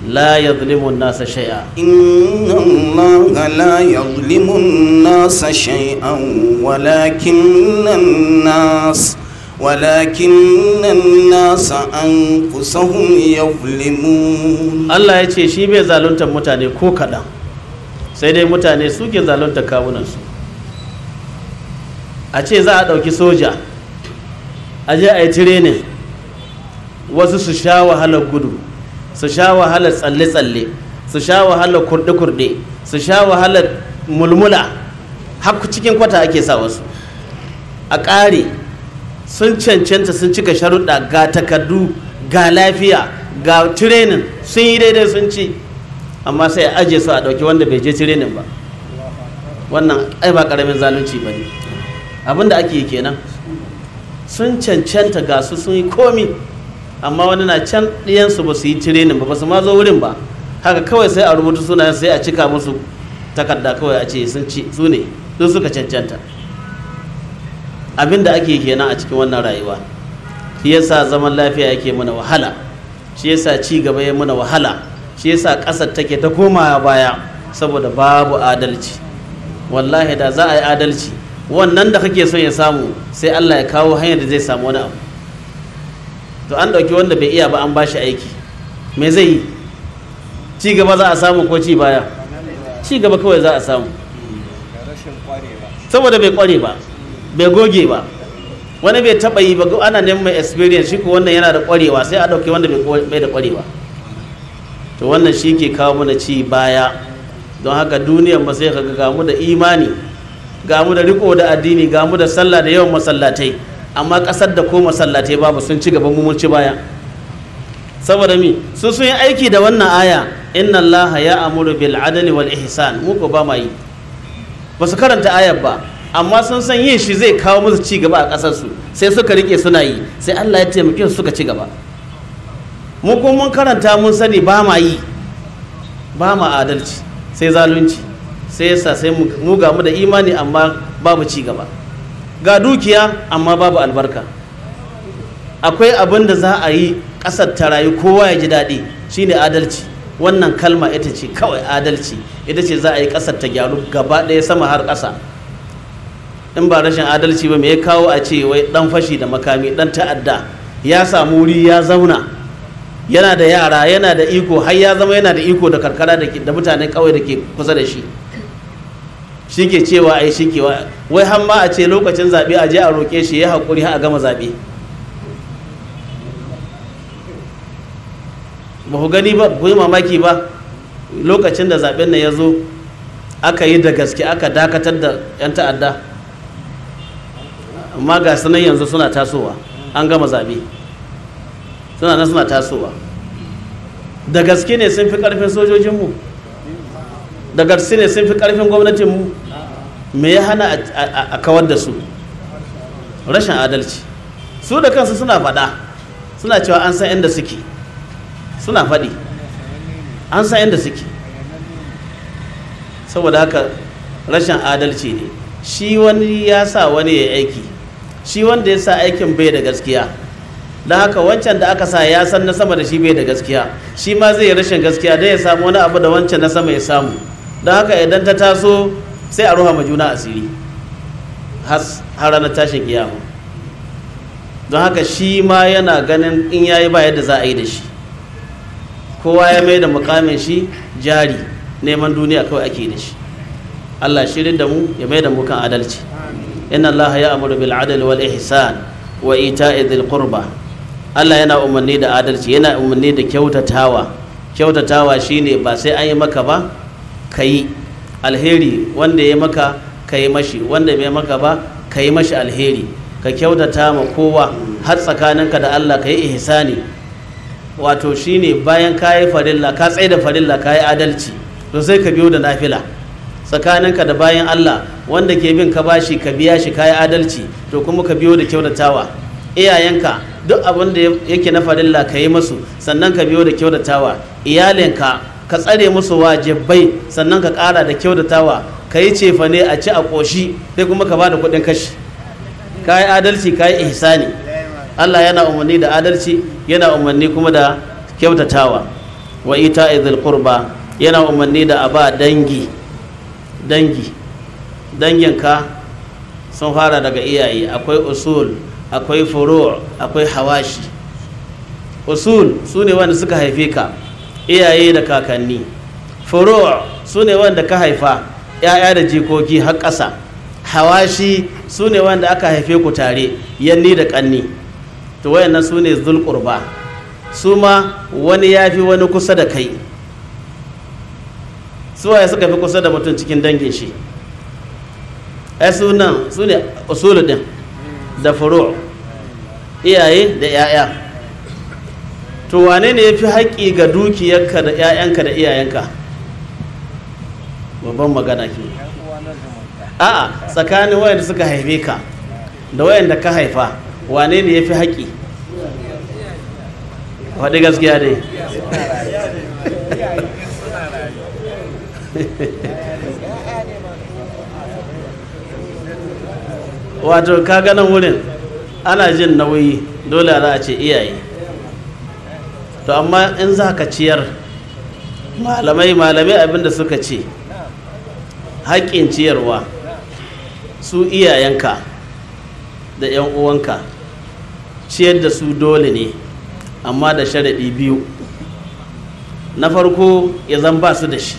la yadhlimu an-nasa shay'a inna Allah la yadhlimu an-nasa shay'an walakinna an-nas ولكن an أنفسهم يظلمون Allah ya ce shi bai zalunta mutane ko kaɗan sai dai mutane suke zalunta kawunan su. a ce za a ɗauki soja a je a yi training wasu su sha wahalar gudu su sha wahalar tsalle-tsalle su sha wahalar kurde-kurde su sha wahalar mulmula har cikin kwata ake sa wasu a ƙare sun cancanta sun cika sharuɗa ga takardu ga lafiya ga tirenin sun yi daidai sun ci amma sai a aje su a ɗauki wanda bai je tirenin ba wannan ai ba ƙaramin zalunci ba ne abinda ake yi kenan sun cancanta ga su sun yi komi amma wani na can ɗiyansu ba su yi training ba ba su ma zo wurin ba haka kawai sai a rubuta sunayen sai a cika musu takarda kawai a ce sun ci su ne suka cancanta abinda ake kenan a cikin wannan rayuwa shi yasa zaman lafiya yake mana wahala shi yasa ci gaba ya mana wahala shi yasa ƙasar take ta koma baya saboda babu adalci wallahi da za a yi adalci wannan da kake son ya samu sai Allah ya kawo hanyar da zai samu wani abu to an ɗauki wanda bai iya ba an ba shi aiki me zai yi ci gaba za a samu ko ci baya ci gaba kawai za a samu saboda bai kware ba bai goge ba wani bai taɓa yi ba ana neman mai experience shi ko wannan yana da kwarewa sai a ɗauki wanda bai da kwarewa to wannan shi ke kawo mana ci baya don haka duniyar masai sai ka gamu da imani gamu da riko da addini gamu da sallah da yawan masallatai amma ƙasar da ko masallatai babu sun ci gaba mun ci baya saboda mi su sun yi aiki da wannan aya inna allaha ya amuru bil adali wal ihsan mu ko ba ma ba su karanta ayar ba amma sun san yin shi zai kawo musu ci gaba a ƙasar su sai suka rike suna yi sai Allah ya taimake su suka ci gaba mu ko mun karanta mun sani ba ma ba ma adalci sai zalunci sai yasa sai mu ga mu da imani amma babu ci gaba ga dukiya amma babu albarka akwai abin da za a yi ƙasar ta rayu kowa ya ji daɗi ne adalci wannan kalma ita ce kawai adalci ita ce za a yi ƙasar ta gyaru gaba ɗaya sama har ƙasa in ba rashin adalci ba me ya kawo a ce wai ɗan fashi da makami ɗan ta'adda ya samu wuri ya zauna yana da yara yana da iko har ya zama yana da iko da karkara da mutanen ƙauye da ke kusa da shi shi ke cewa ai shi ke wai har ma a ce lokacin zaɓe a je a roƙe shi ya haƙuri har a gama zaɓe ba ku gani ba ku yi mamaki ba lokacin da zaɓen nan ya zo aka yi da gaske aka dakatar da 'yan ta'adda amma ga sanan yanzu suna tasowa an gama zaɓe suna nan suna tasowa da gaske ne sun fi ƙarfin sojojinmu da gaske ne sun fi ƙarfin gwamnatinmu me ya hana a kawar da su rashin adalci su da kansu suna faɗa suna cewa an san inda suke suna faɗi an san inda suke saboda haka rashin adalci ne shi wani ya sa wani ya aiki shi wanda ya sa aikin bai da gaskiya da haka wancan da aka sa ya san na sama da shi bai da gaskiya shi ma zai rashin gaskiya don ya samu wani abu da wancan na sama ya samu don haka idan ta taso sai a ruha ma juna asiri har ranar tashin kiyama don haka shi ma yana ganin in yayi ba yadda za a yi da shi kowa ya mai da mukamin shi jari neman duniya kawai ake da shi Allah shirin da mu ya mai da mu kan adalci inna Allah ya amuru bil adl wal ihsan wa ita'i dhil qurba Allah yana umarni da adalci yana umarni da kyautatawa kyautatawa shine ba sai an yi maka ba ka yi alheri wanda ya maka ka yi mashi wanda bai maka ba ka yi mashi alheri ka kyautata ma kowa har tsakaninka da Allah ka yi ihsani wato shine bayan ka yi farilla ka tsaye da farilla ka yi adalci to sai ka biyo da nafila tsakaninka da bayan Allah wanda ke bin ka bashi ka biya shi ka yi adalci to kuma ka biyo da kyautatawa iyayenka duk abin da yake na farilla ka yi masu sannan ka biyo da kyautatawa iyalinka ka tsare musu wajibai sannan ka kara da kyautatawa ka yi cefa ne a ci a ƙoshi sai kuma ka ba kuɗin kashi ka yi adalci ka yi ihsani Allah yana umarni da adalci yana umarni kuma da kyautatawa wa ita idil qurba yana umarni da a ba dangi dangi danginka sun fara daga iyaye akwai usul akwai furu akwai hawashi usul su ne wanda suka haife ka iyaye da kakanni furu' su ne wanda ka haifa ‘ya'ya da jikoki har ƙasa hawashi su ne wanda aka haife ku tare yanni da ƙanni to wayannan su ne zulƙurba su ma wani ya fi wani kusa da kai suwaye suka fi kusa da mutum cikin dangin shi ai sunan su ne usulu din da furu' iyaye da ‘ya'ya to wane ne ya fi haƙƙi ga dukiyarka da 'ya'yanka da iyayenka babban magana ke a'a tsakanin wayanda suka haife ka da wayanda ka haifa wane ne ya fi haƙƙi faɗi gaskiya dai wato ka ganin wurin ana jin nauyi dole za a ce iyaye to amma in za ka ciyar malamai malamai abinda suka ce haƙƙin ciyarwa su iyayenka da 'yan uwanka ciyar da su dole ne amma da sharaɗi biyu na farko ya zan ba su da shi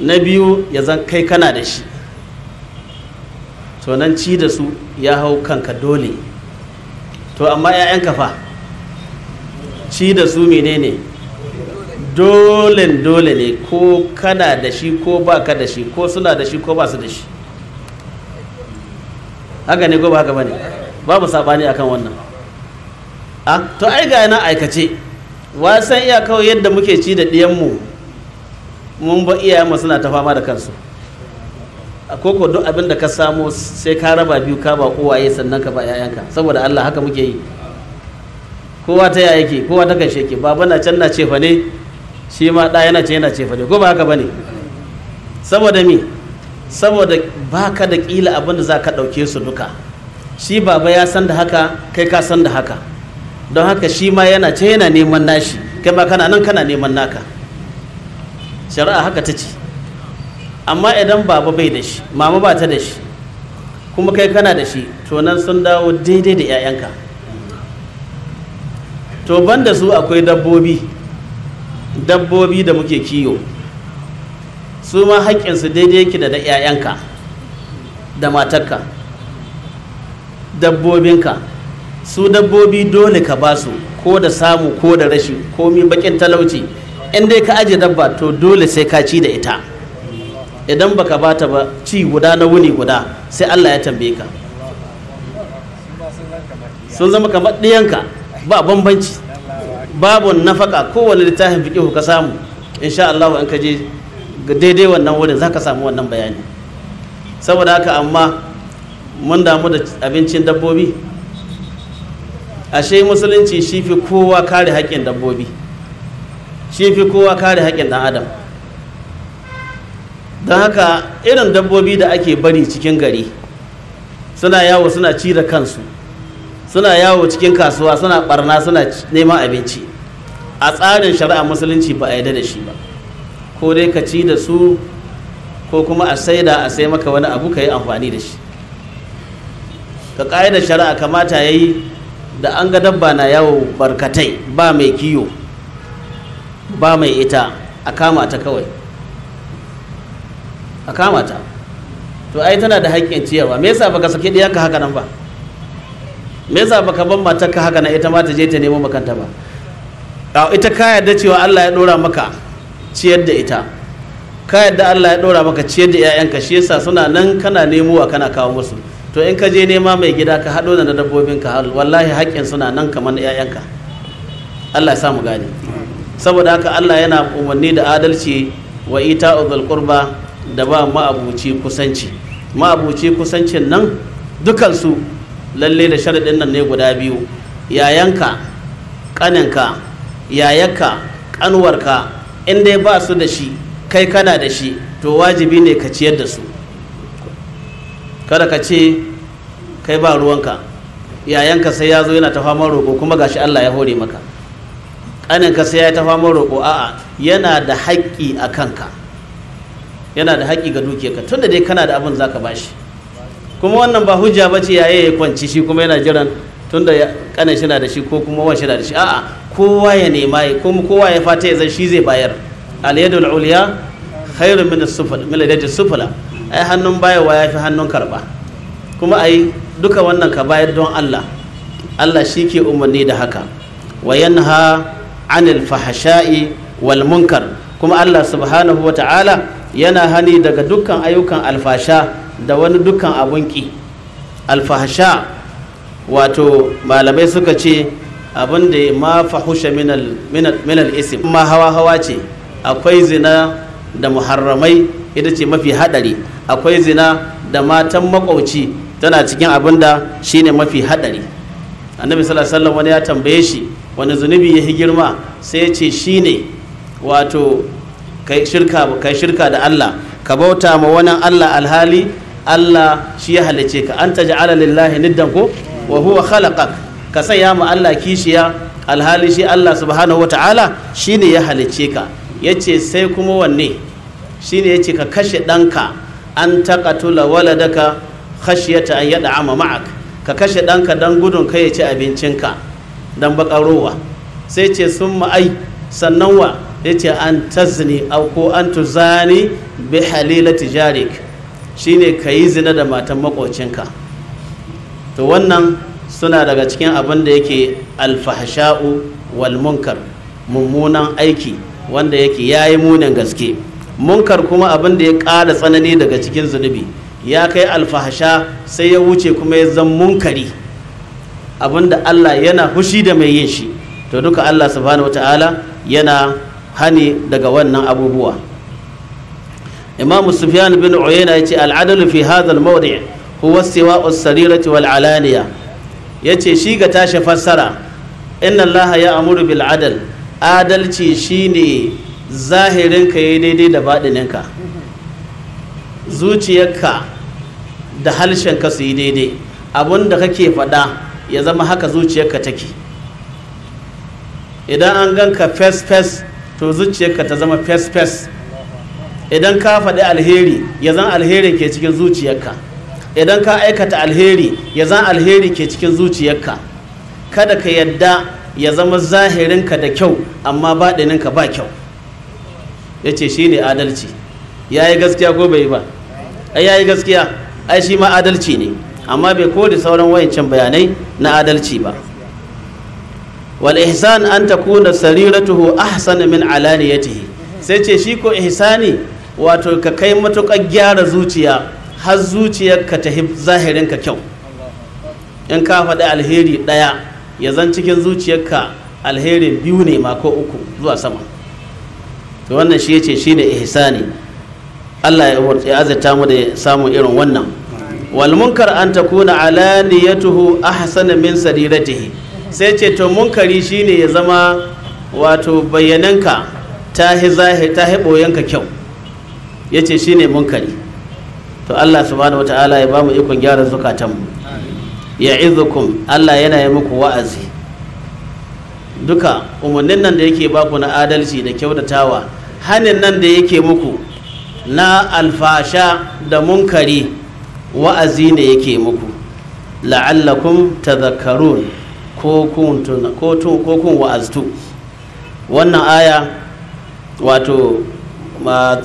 na biyu ya zan kai kana da shi to ci da su ya hau kanka dole to amma 'ya'yanka fa shi da su ne dole dole ne ko kana da shi ko ba ka da shi ko suna da shi ko ba su da shi haka ne ko ba haka bane babu a akan wannan a to ai ga yana aikace wasan iya kawai yadda muke ci da ɗiyanmu mun ba iyayenmu suna ta fama da kansu a koko duk abin da ka samu sai ka raba biyu ka ba uwaye sannan ka ba 'ya'yanka saboda allah haka muke yi kowa ta yi yake kowa ta kashe yake baba na can na cefa ne shi ma ɗa yana ce yana cefa ne ko ba haka ba ne? saboda mi saboda baka da ƙila abin da za ka ɗauke su duka shi baba ya san da haka kai ka san da haka don haka shi ma yana ce yana neman nashi kai ma kana nan kana neman naka shari'a haka ta ce amma idan baba bai da shi mama ba ta da shi kuma kai kana da shi to nan sun dawo daidai da 'ya'yanka to ban da su akwai dabbobi dabbobi da muke kiyo su ma haƙƙinsu daidai yake da da 'ya'yanka da matarka dabbobinka su dabbobi dole ka ba su ko da samu ko da rashi komi bakin talauci in dai ka aje dabba to dole sai ka ci da ita idan baka bata ba ci guda na wuni guda sai allah ya tambaye ka sun zama kamar ɗiyanka ba bambanci babu nafaka kowane littafin ku ka samu in sha Allah in ka je daidai wannan wurin za ka samu wannan bayani saboda haka amma mun damu da abincin dabbobi ashe musulunci shi fi kowa kare haƙƙin dabbobi shi fi kowa kare haƙƙin ɗan adam don haka irin dabbobi da ake bari cikin gari suna yawo suna ci da kansu suna yawo cikin kasuwa suna barna suna neman abinci a tsarin shari'a musulunci ba a yarda da shi ba ko dai ka ci da su ko kuma a saida a sai maka wani abu ka yi amfani da shi ka ƙa'idar shari'a kamata ya yi da an ga dabba na yawo barkatai ba mai kiyo ba mai ita a kama ta kawai a kama ta to ai tana da haƙƙin ciyarwa me yasa baka saki ɗiyanka haka nan ba me yasa baka ban matarka haka na ita ma ta je ta nemo makanta ba ita ka yarda cewa Allah ya dora maka ciyar da ita ka yarda Allah ya dora maka ciyar da 'ya'yanka shi yasa suna nan kana nemo a kana kawo musu to in ka je nema mai gida ka haɗo da na dabbobinka wallahi haƙƙin suna nan kamar na 'ya'yanka Allah ya sa mu gane saboda haka Allah yana umarni da adalci wa ita uzul qurba da ba ma'abuci kusanci ma'abuci kusancin nan dukansu lalle da sharaɗin nan ne guda biyu yayanka ƙaninka yayarka ƙanwarka in dai ba su da shi kai kana da shi to wajibi ne ka ciyar da su kada ka ce kai ba ruwanka yayanka sai ya zo yana ta fama roƙo kuma gashi Allah ya hore maka ƙaninka sai ya ta famar roƙo a'a yana da haƙƙi a kanka yana da haƙƙi ga dukiyarka tunda dai kana da abin ba shi. kuma wannan ba hujja ba ce yaye ya kwanci shi kuma yana jiran tunda ya kanin shi na da shi ko kuma wani shi na da shi a'a kowa ya nema ya kuma kowa ya fata ya zan shi zai bayar al-yadul ulya min as-sufla min al sufla ai hannun bayarwa ya fi hannun karba kuma ai duka wannan ka bayar don Allah Allah shi ke umarni da haka wa yanha anil fahasha'i wal munkar kuma Allah subhanahu wa ta'ala yana hani daga dukkan ayyukan alfasha da wani dukkan abun ki alfahasha wato malamai suka ce abin da ma fahusha minal isim ma hawa hawa ce akwai zina da muharramai ita ce mafi hadari akwai zina da matan makwauci tana cikin abin da shi ne mafi hadari annabi sallallahu wani ya tambaye shi wani zunubi ya girma sai ya ce ne wato kai shirka da Allah ka bauta ma wani Allah alhali Allah shi ya halice ka an taji ala lillahi niddan ko wa huwa khalaqak ka ya mu Allah kishiya alhali shi Allah subhanahu wataala shine ya halice ka yace sai kuma wanne shine yace ka kashe danka an taqatula waladaka khashyata an yad'ama ma'ak ka kashe danka dan gudun kai ya ci abincinka dan bakarowa sai ce sun ma'ai sannan wa yace an tazni au ko an tuzani bi halilati jarika shine ka yi zina da matan makocinka to wannan suna daga cikin abin da yake alfahasha'u wal munkar mummunan aiki wanda yake ya yi munin gaske munkar kuma abin da ya ƙara tsanani daga cikin zunubi ya kai alfahasha sai ya wuce kuma ya zan munkari abin da allah yana hushi da mai yin shi to duka allah subhanahu wa ta'ala yana hani daga wannan abubuwa imam sufyan bin uyayna yace al'adalu fi hadha al-mawdi' huwa istiwa'u as-sarirati wal alaniya yace shi ga tashi fassara inna allaha ya'muru bil adl adalci shine zahirin ka yayi daidai da badinin ka zuciyarka da harshen ka su yi daidai abun kake faɗa ya zama haka zuciyarka take idan an ganka fes fes to zuciyarka ta zama fes fes idan ka faɗi alheri ya zan alherin ke cikin zuciyarka idan ka aikata alheri ya zan alheri ke cikin zuciyarka kada ka yadda ya zama zahirinka da kyau amma baɗininka ba kyau ya ce shi ne adalci ya yi gaskiya ko bai ba ai ya yi gaskiya ai shi ma adalci ne amma bai kodi sauran wayancan bayanai na adalci ba wal ihsan an takuna sariratuhu ahsana min alaniyatihi sai ce shi ko ihsani wato ka kai matuƙar gyara zuciya har zuciyar ka ta zahirin ka kyau in ka faɗi alheri ɗaya ya zan cikin zuciyarka alherin biyu ne mako uku zuwa sama to wannan shi yace shine ihsani Allah ya umurta ya azata mu da samun irin wannan wal munkar an takuna alaniyatuhu ahsana min sariratihi sai ce to munkari shine ya zama wato bayyananka hi zahir hi boyanka kyau ya ce shi ne munkari to Allah subhanahu wata'ala ya ba mu ikon gyara zukatan mu ya izukum Allah yana yi muku wa'azi duka umarnin nan da yake baku na adalci da kyautatawa hanin nan da yake muku na alfasha da munkari wa'azi ne yake muku la'allakum ta ko kun ko kun wa'aztu wannan aya wato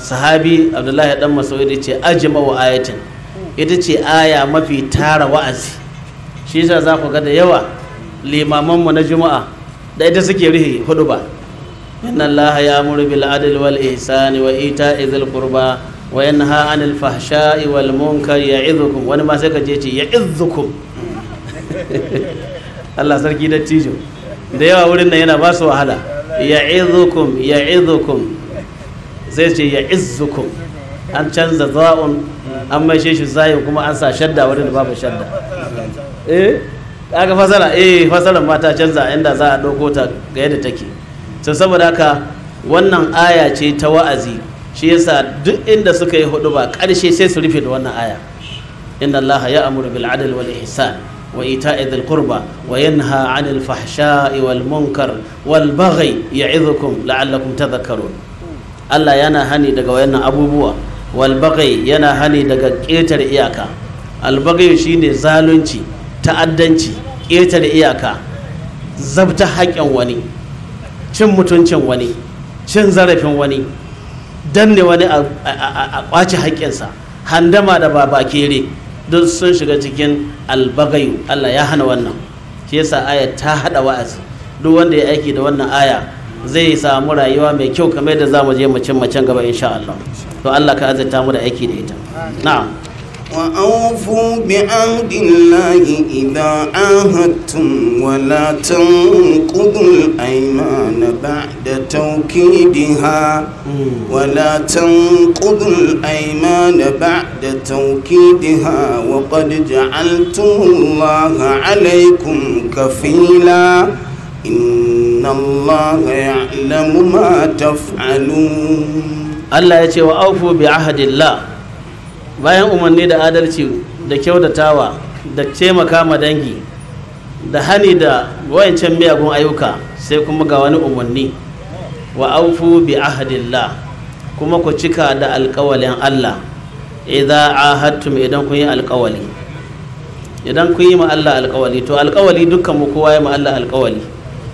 sahabi abdullahi dan masaudi ya ce ajima wa ayatin ita ce aya mafi tara wa'azi shi yasa za ku ga da yawa limamanmu na juma'a da ita suke rihi hudu ba inna allaha ya'muru bil adli wal ihsani wa ita'i dhil qurba wa yanha 'anil fahsha'i wal munkari ya'idhukum wani ma sai ka je ce ya'idhukum Allah sarki dattijo da yawa wurin nan yana ba su wahala ya'idhukum ya'idhukum sai ce ya izzukum an canza za'un an shi zayin kuma an sa shadda da babu shadda eh aka fasara eh fasaran ma ta canza inda za a ɗauko ta ga yadda take to saboda haka wannan aya ce ta wa'azi shi yasa duk inda suka yi hudu ba ƙarshe sai su rufe da wannan aya inna allaha ya'muru bil adl wal ihsan wa ita'i dhil qurba wa yanha 'anil fahsha'i wal munkar wal baghi ya'idhukum la'allakum tadhakkarun Allah yana hani daga wayannan abubuwa walbagai yana hani daga ƙetare iyaka shi shine zalunci ta'addanci ƙetare iyaka zabta haƙƙin wani cin mutuncin wani cin zarafin wani danne wani a ƙwace haƙƙinsa handama da kere duk sun shiga cikin albagai Allah ya hana wannan shi yasa aya ta hada wa'azi duk wanda ya aiki da wannan aya zai samu rayuwa mai kyau kamar da za mu je macen macen gaba insha Allah to Allah ka azurta mu da aiki da ita na'am wa awfu bi amdillahi idha ahadtum wa la tanqudul aymana ba'da tawkidiha hmm. wa la tanqudul aymana ba'da tawkidiha wa qad ja'altum Allah alaykum kafila إن الله يعلم ما تفعلون Allah ya ce wa aufu bi ahadillah bayan umarni da adalci da kyautatawa da taimaka ma dangi da hani da wayancan miyagun ayyuka sai kuma ga wani umarni wa aufu bi ahadillah kuma ku cika da alkawalin Allah idza ahadtum idan kun yi alkawali idan kun yi ma Allah alkawali to alkawali dukkan mu kowa ya ma Allah alkawali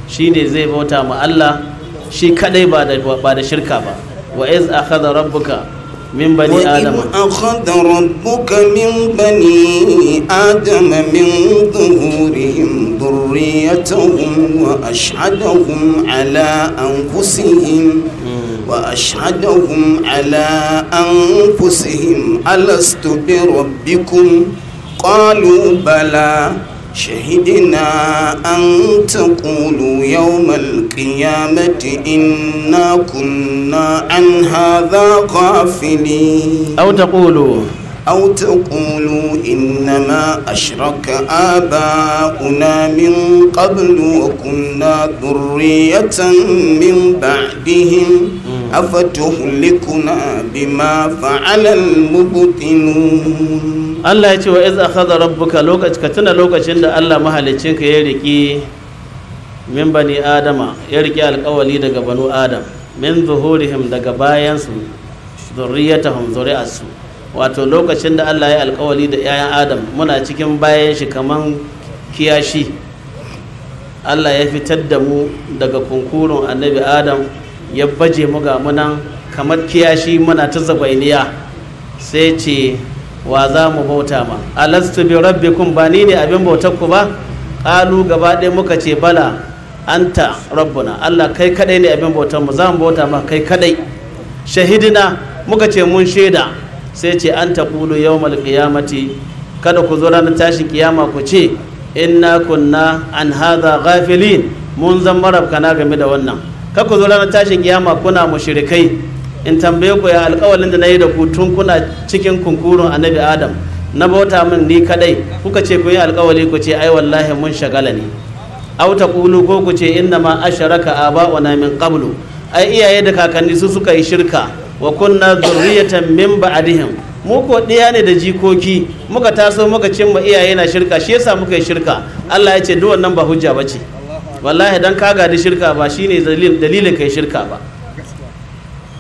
shi ne zai bauta ma Allah shi kadai ba da ba da shirka ba wa iz akhadha rabbuka min bani adam wa akhadha rabbuka min bani adam min dhuhurihim dhurriyyatahum wa ashhadahum ala anfusihim ala anfusihim alastu bi rabbikum qalu bala شهدنا أن تقولوا يوم القيامة إنا كنا عن هذا غافلين أو تقولوا أو تقولوا إنما أشرك آباؤنا من قبل وكنا ذرية من بعدهم أفتهلكنا بما فعل المبطلون Allah ya ce wa iz akhadha rabbuka ka tuna lokacin da Allah mahaliccinka ya riki min bani adama ya riki alƙawali daga banu adam min zuhurihim daga bayansu zurriyatahum zuri'atsu wato lokacin da Allah ya alkawali da 'ya'yan adam muna cikin bayan shi kaman kiyashi Allah ya fitar da mu daga kunkurun annabi adam ya baje mu ga munan kamar kiyashi muna ta zagwainiya sai ce wa za mu bauta ma alastu bi rabbikum ba ni ne abin bautar ku ba ƙalu gaba ɗaya muka ce bala anta rabbuna Allah kai kadai ne abin bautar mu za mu bauta ma kai kadai shahidina muka ce mun shaida sai ce an taqulu yau qiyamati kada ku zo ranar tashin kiyama ku ce inna kunna an haza ghafilin mun zan na game da wannan Ka ku zo ranar tashin kiyama kuna mu mushrikai in tambaye ku ya alƙawalin da na yi da ku tun kuna cikin kunkurun annabi adam na bauta min ni kadai kuka ce ku yi alƙawali ku ce ai wallahi mun shagala ne ta ƙulu ko ku ce inna ma asharaka aba'una min qablu ai iyaye da kakanni su suka yi shirka wa kunna zurriyatan min ba'dihim mu ko ɗaya ne da jikoki muka taso muka cimma iyaye na shirka shi yasa muka yi shirka Allah ya ce duk wannan ba hujja bace wallahi dan ka gadi shirka ba shine dalilin kai shirka ba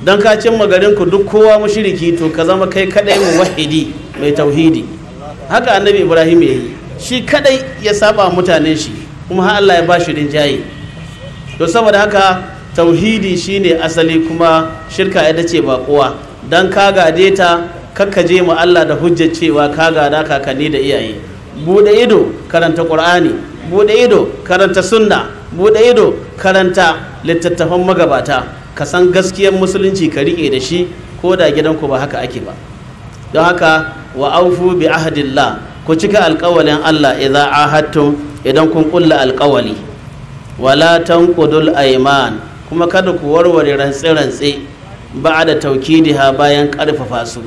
dan ka cimma garin ku duk kowa mushriki to ka zama kai kadai wahidi mai tauhidi haka annabi Ibrahim ya yi shi kadai ya saba mutanen shi kuma har Allah ya ba shi rinjaye to saboda haka tauhidi shine asali kuma shirka ita ba kowa don ka gade ta je mu Allah da hujjar cewa ka gada kakanni da iyaye bude ido karanta qur'ani bude ido karanta sunna bude ido karanta littattafan magabata ka san gaskiyar musulunci ka rike da shi ko da gidanku ba haka ake ba don haka wa aufu bi ahadillah ku cika alkawalin Allah idza ahadtum idan kun ƙulla alkawali. wala tanqudul aiman kuma kada ku warware rantse-rantse ba da taukidiha bayan karfafa su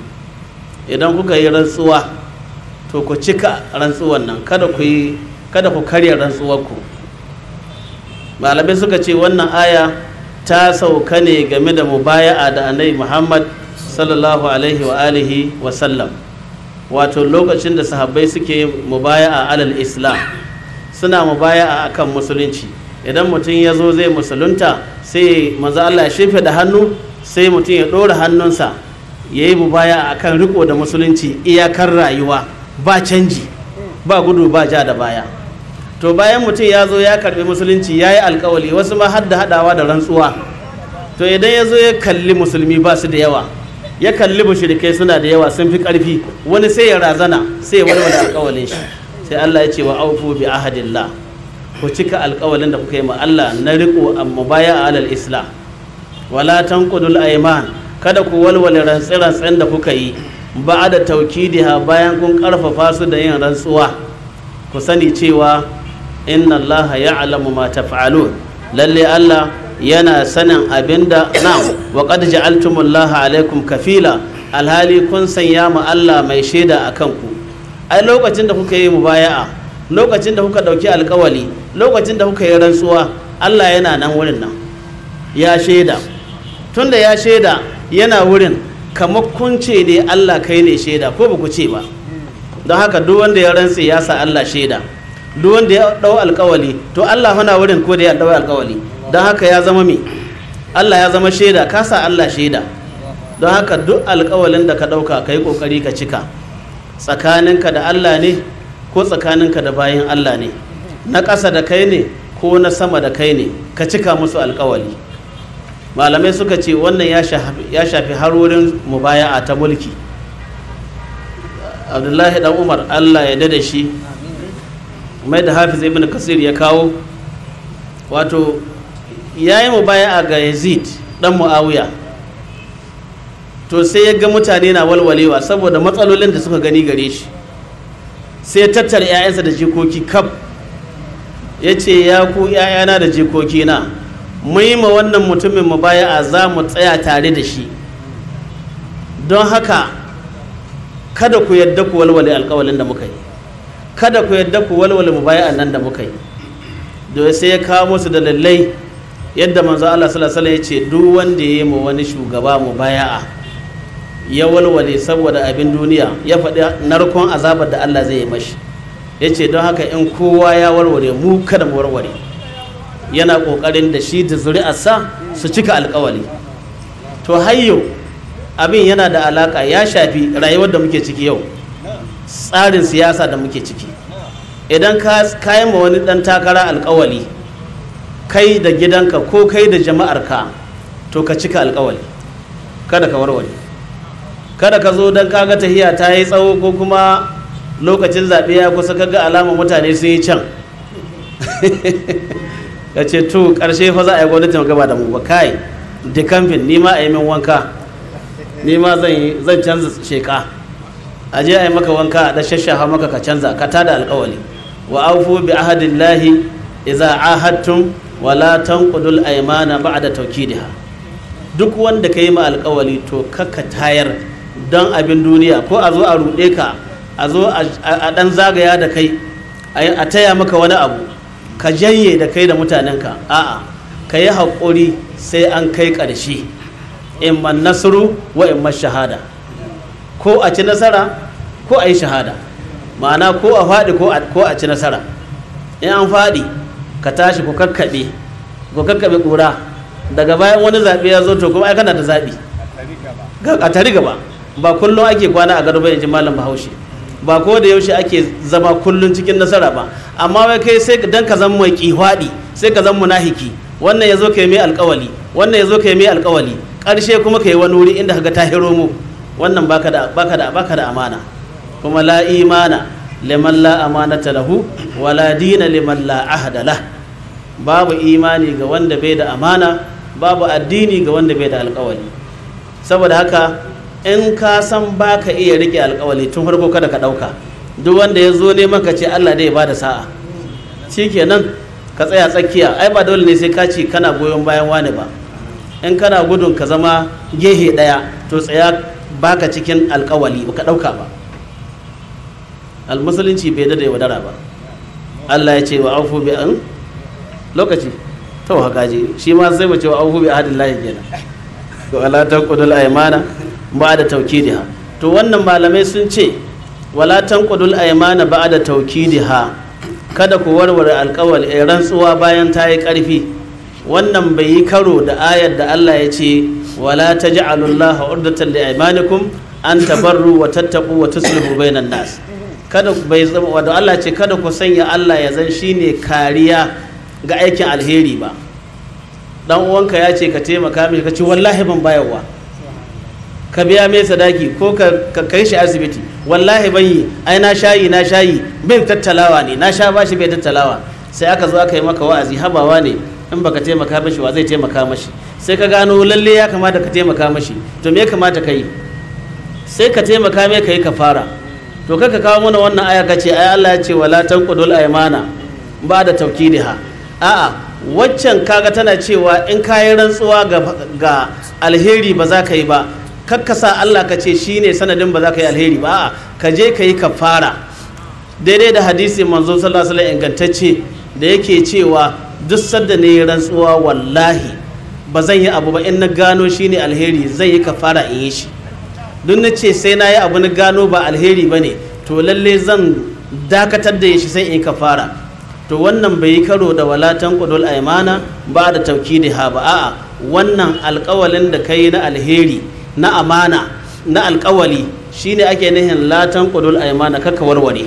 idan kuka yi rantsuwa to ku cika rantsuwan nan kada ku yi kada ku karya rantsuwarku malamai suka ce wannan aya ta sauka ne game da mubaya'a da annabi muhammad sallallahu alaihi wa alihi wa sallam wato lokacin da sahabbai suke mubaya'a alal islam suna mubaya'a akan musulunci idan mutum ya zo zai musulunta sai maza Allah ya shefe da hannu sai mutum ya ɗora hannunsa ya yi baya a kan riko da musulunci iyakar rayuwa ba canji ba gudu ba ja da baya to bayan mutum ya zo ya karbi musulunci ya yi alkawali wasu ma har da haɗawa da rantsuwa to idan ya zo ya kalli musulmi ba su da yawa ya kalli mushrikai suna da yawa sun fi ƙarfi wani sai ya razana sai ya wani alkawalin shi sai Allah ya ce wa aufu bi ahadillah ku cika alƙawalin da kuka yi ma Allah na riƙo amma baya alal islam wala tan tanqudul aiman kada ku walwale rantsi-rantsin da kuka yi ba da taukidiha bayan kun ƙarfafa su da yin rantsuwa ku sani cewa inna Allah alamu ma taf'alun lalle Allah yana sanin abinda na'am wa qad ja'altumullaha alaikum kafila alhali kun sanya mu Allah mai shaida a kanku. ai lokacin da kuka yi mubaya'a lokacin da kuka ɗauki alkawali lokacin da kuka yi rantsuwa allah yana nan wurin nan ya shaida tunda ya shaida yana wurin kamar kun ce ne allah kai ne shaida ko ba ku ce ba don haka duk wanda ya rantse ya sa allah shaida duk wanda ya ɗau alkawali to allah hana wurin ko da ya ɗau alkawali don haka ya zama me? allah ya zama shaida ka sa allah shaida don haka duk alkawalin da ka ɗauka ka yi ƙoƙari ka cika tsakaninka da allah ne ko tsakaninka da bayan Allah ne na ƙasa da kai ne ko na sama da kai ne ka cika musu alkawali malamai suka ce wannan ya shafi har wurin mubaya'a ta mulki abdullahi dan umar allah ya dada shi mai da hafiz ibn kasir ya kawo wato ya yi mubaya'a ga yazid dan mu'awiya to sai ya ga mutane na walwalewa saboda matsalolin da suka gani gare shi sai tattara 'ya'yansa da jikoki kaf ya ce ya ku 'ya'yana da jikoki yi ma wannan mutumin mu baya a za mu tsaya tare da shi don haka kada ku yadda ku walwale alkawalin da muka yi kada ku yadda ku walwale mu baya nan da muka yi domin sai ya kawo musu da lallai yadda manzo Allah sallallahu alaihi wasallam ya ce duk wanda ya yi ma wani shugaba mu baya'a ya walwale saboda abin duniya ya faɗi narkon azabar da Allah zai yi mashi ya ce don haka in kowa ya warware mu kada mu warware yana ƙoƙarin da shi da zuri'arsa su cika alƙawali to hayyo abin yana da alaƙa ya shafi rayuwar da muke ciki yau tsarin siyasa da muke ciki idan ka yi ma wani ɗan takara alƙawali kai da gidanka ko kai da jama'arka to ka cika alƙawali kada ka warware kada ka zo don kaga tahiya ta yi tsawo ko kuma lokacin zaɓe ya kusa kaga alama mutane sun yi can ka ce to ƙarshe fa za a yi gwamnati gaba da mu ba kai da kamfin ni a yi min wanka ni ma zan canza sheka a je a yi maka wanka a ɗan shashaha maka ka canza ka tada alƙawali wa aufu bi ahadillahi idza ahadtum wala tanqudul aymana ba'da tawkidiha duk wanda ka yi ma alƙawali to kaka tayar don abin duniya ko a zo a ruɗe ka a zo a ɗan zagaya da kai a taya maka wani abu ka janye da kai da mutanenka a'a ka yi haƙuri sai an kai ƙarshe in ma nasiru wa in ma shahada ko a ci nasara ko a yi shahada ma'ana ko a faɗi ko a ci nasara in an faɗi ka tashi ku kakkaɓe ku kakkaɓe ƙura daga bayan wani zaɓe ya zo to kuma ai kana da zaɓi a tari gaba ba kullum ake kwana a garba ji malam bahaushe ba ko da yaushe ake zama kullum cikin nasara ba amma wai kai sai dan ka zama mai kihwadi sai ka zama munafiki wannan yazo kai mai alƙawali wannan yazo kai mai alƙawali karshe kuma kai wani wuri inda kaga ta hiro mu wannan baka da baka da baka da amana kuma la imana liman la amanata lahu wala dina liman la ahda lah babu imani ga wanda bai da amana babu addini ga wanda bai da alƙawali saboda haka in ka san ba ka iya riƙe alƙawali tun farko kada ka ɗauka duk wanda ya zo ne maka ce allah dai ba da sa'a kenan ka tsaya tsakiya ai ba dole ne sai ka ce kana goyon bayan wani ba in kana gudun ka zama gehe ɗaya to tsaya baka cikin alƙawali ba ka ɗauka ba almusulunci bai da wadara ba allah ya ce wa afu bi an lokaci to haka je shi ma sai mu ce wa afu bi ahadillahi kenan to ala taqudul aymana ba da taukidiha to wannan malamai sun ce wala tanqudul aymana ba da taukidiha kada ku warware alkawal eh, rantsuwa bayan ta yi karfi wannan bai yi karo da ayar da Allah ya ce wala taj'alullaha urdatan li aymanikum an tabarru wa tattaqu wa tuslihu bainan nas kada bai Allah ce kada ku sanya Allah ya zan shine kariya ga aikin alheri ba dan uwanka ya ce ka taimaka mai ka ce wallahi ban bayarwa ka biya mai sadaki ko ka kai shi asibiti wallahi ban yi ai na shayi na shayi bin tattalawa ne na sha bashi bai tattalawa sai aka zo aka yi maka wa'azi habawa ne in baka taimaka mashi wa zai taimaka mashi sai ka gano lalle ya kamata ka taimaka mashi to me kamata ka yi sai ka taimaka mai ka yi to kaka kawo mana wannan aya kace ce ai Allah ya ce wala tanqudul aymana ba da tawkidiha a'a waccan kaga tana cewa in ka yi rantsuwa ga alheri ba za ka yi ba sa Allah ka ce shi ne sanadin ba za ka yi alheri ba ka je ka yi kafara daidai da hadisi manzon sallallahu alaihi ingantacce da yake cewa duk sadda ne rantsuwa wallahi ba zan yi abu ba in na gano shi ne alheri zan yi kafara in yi shi duk na ce sai na yi abu na gano ba alheri ba ne to lalle zan dakatar da shi sai in kafara to wannan bai yi karo da walatan kudul aimana ba da tauki da ha ba a'a wannan alkawalin da kai na alheri na amana na alkawali ne ake nihin latan qudul aymana kaka warware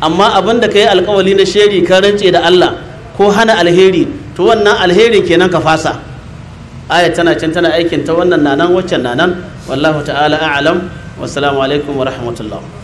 amma abin da yi alkawali na sheri ka rance da Allah ko hana alheri to wannan alherin kenan ka fasa aya tana can tana aikin ta wannan nanan waccan nanan wallahu ta'ala a'lam wassalamu alaikum wa rahmatullah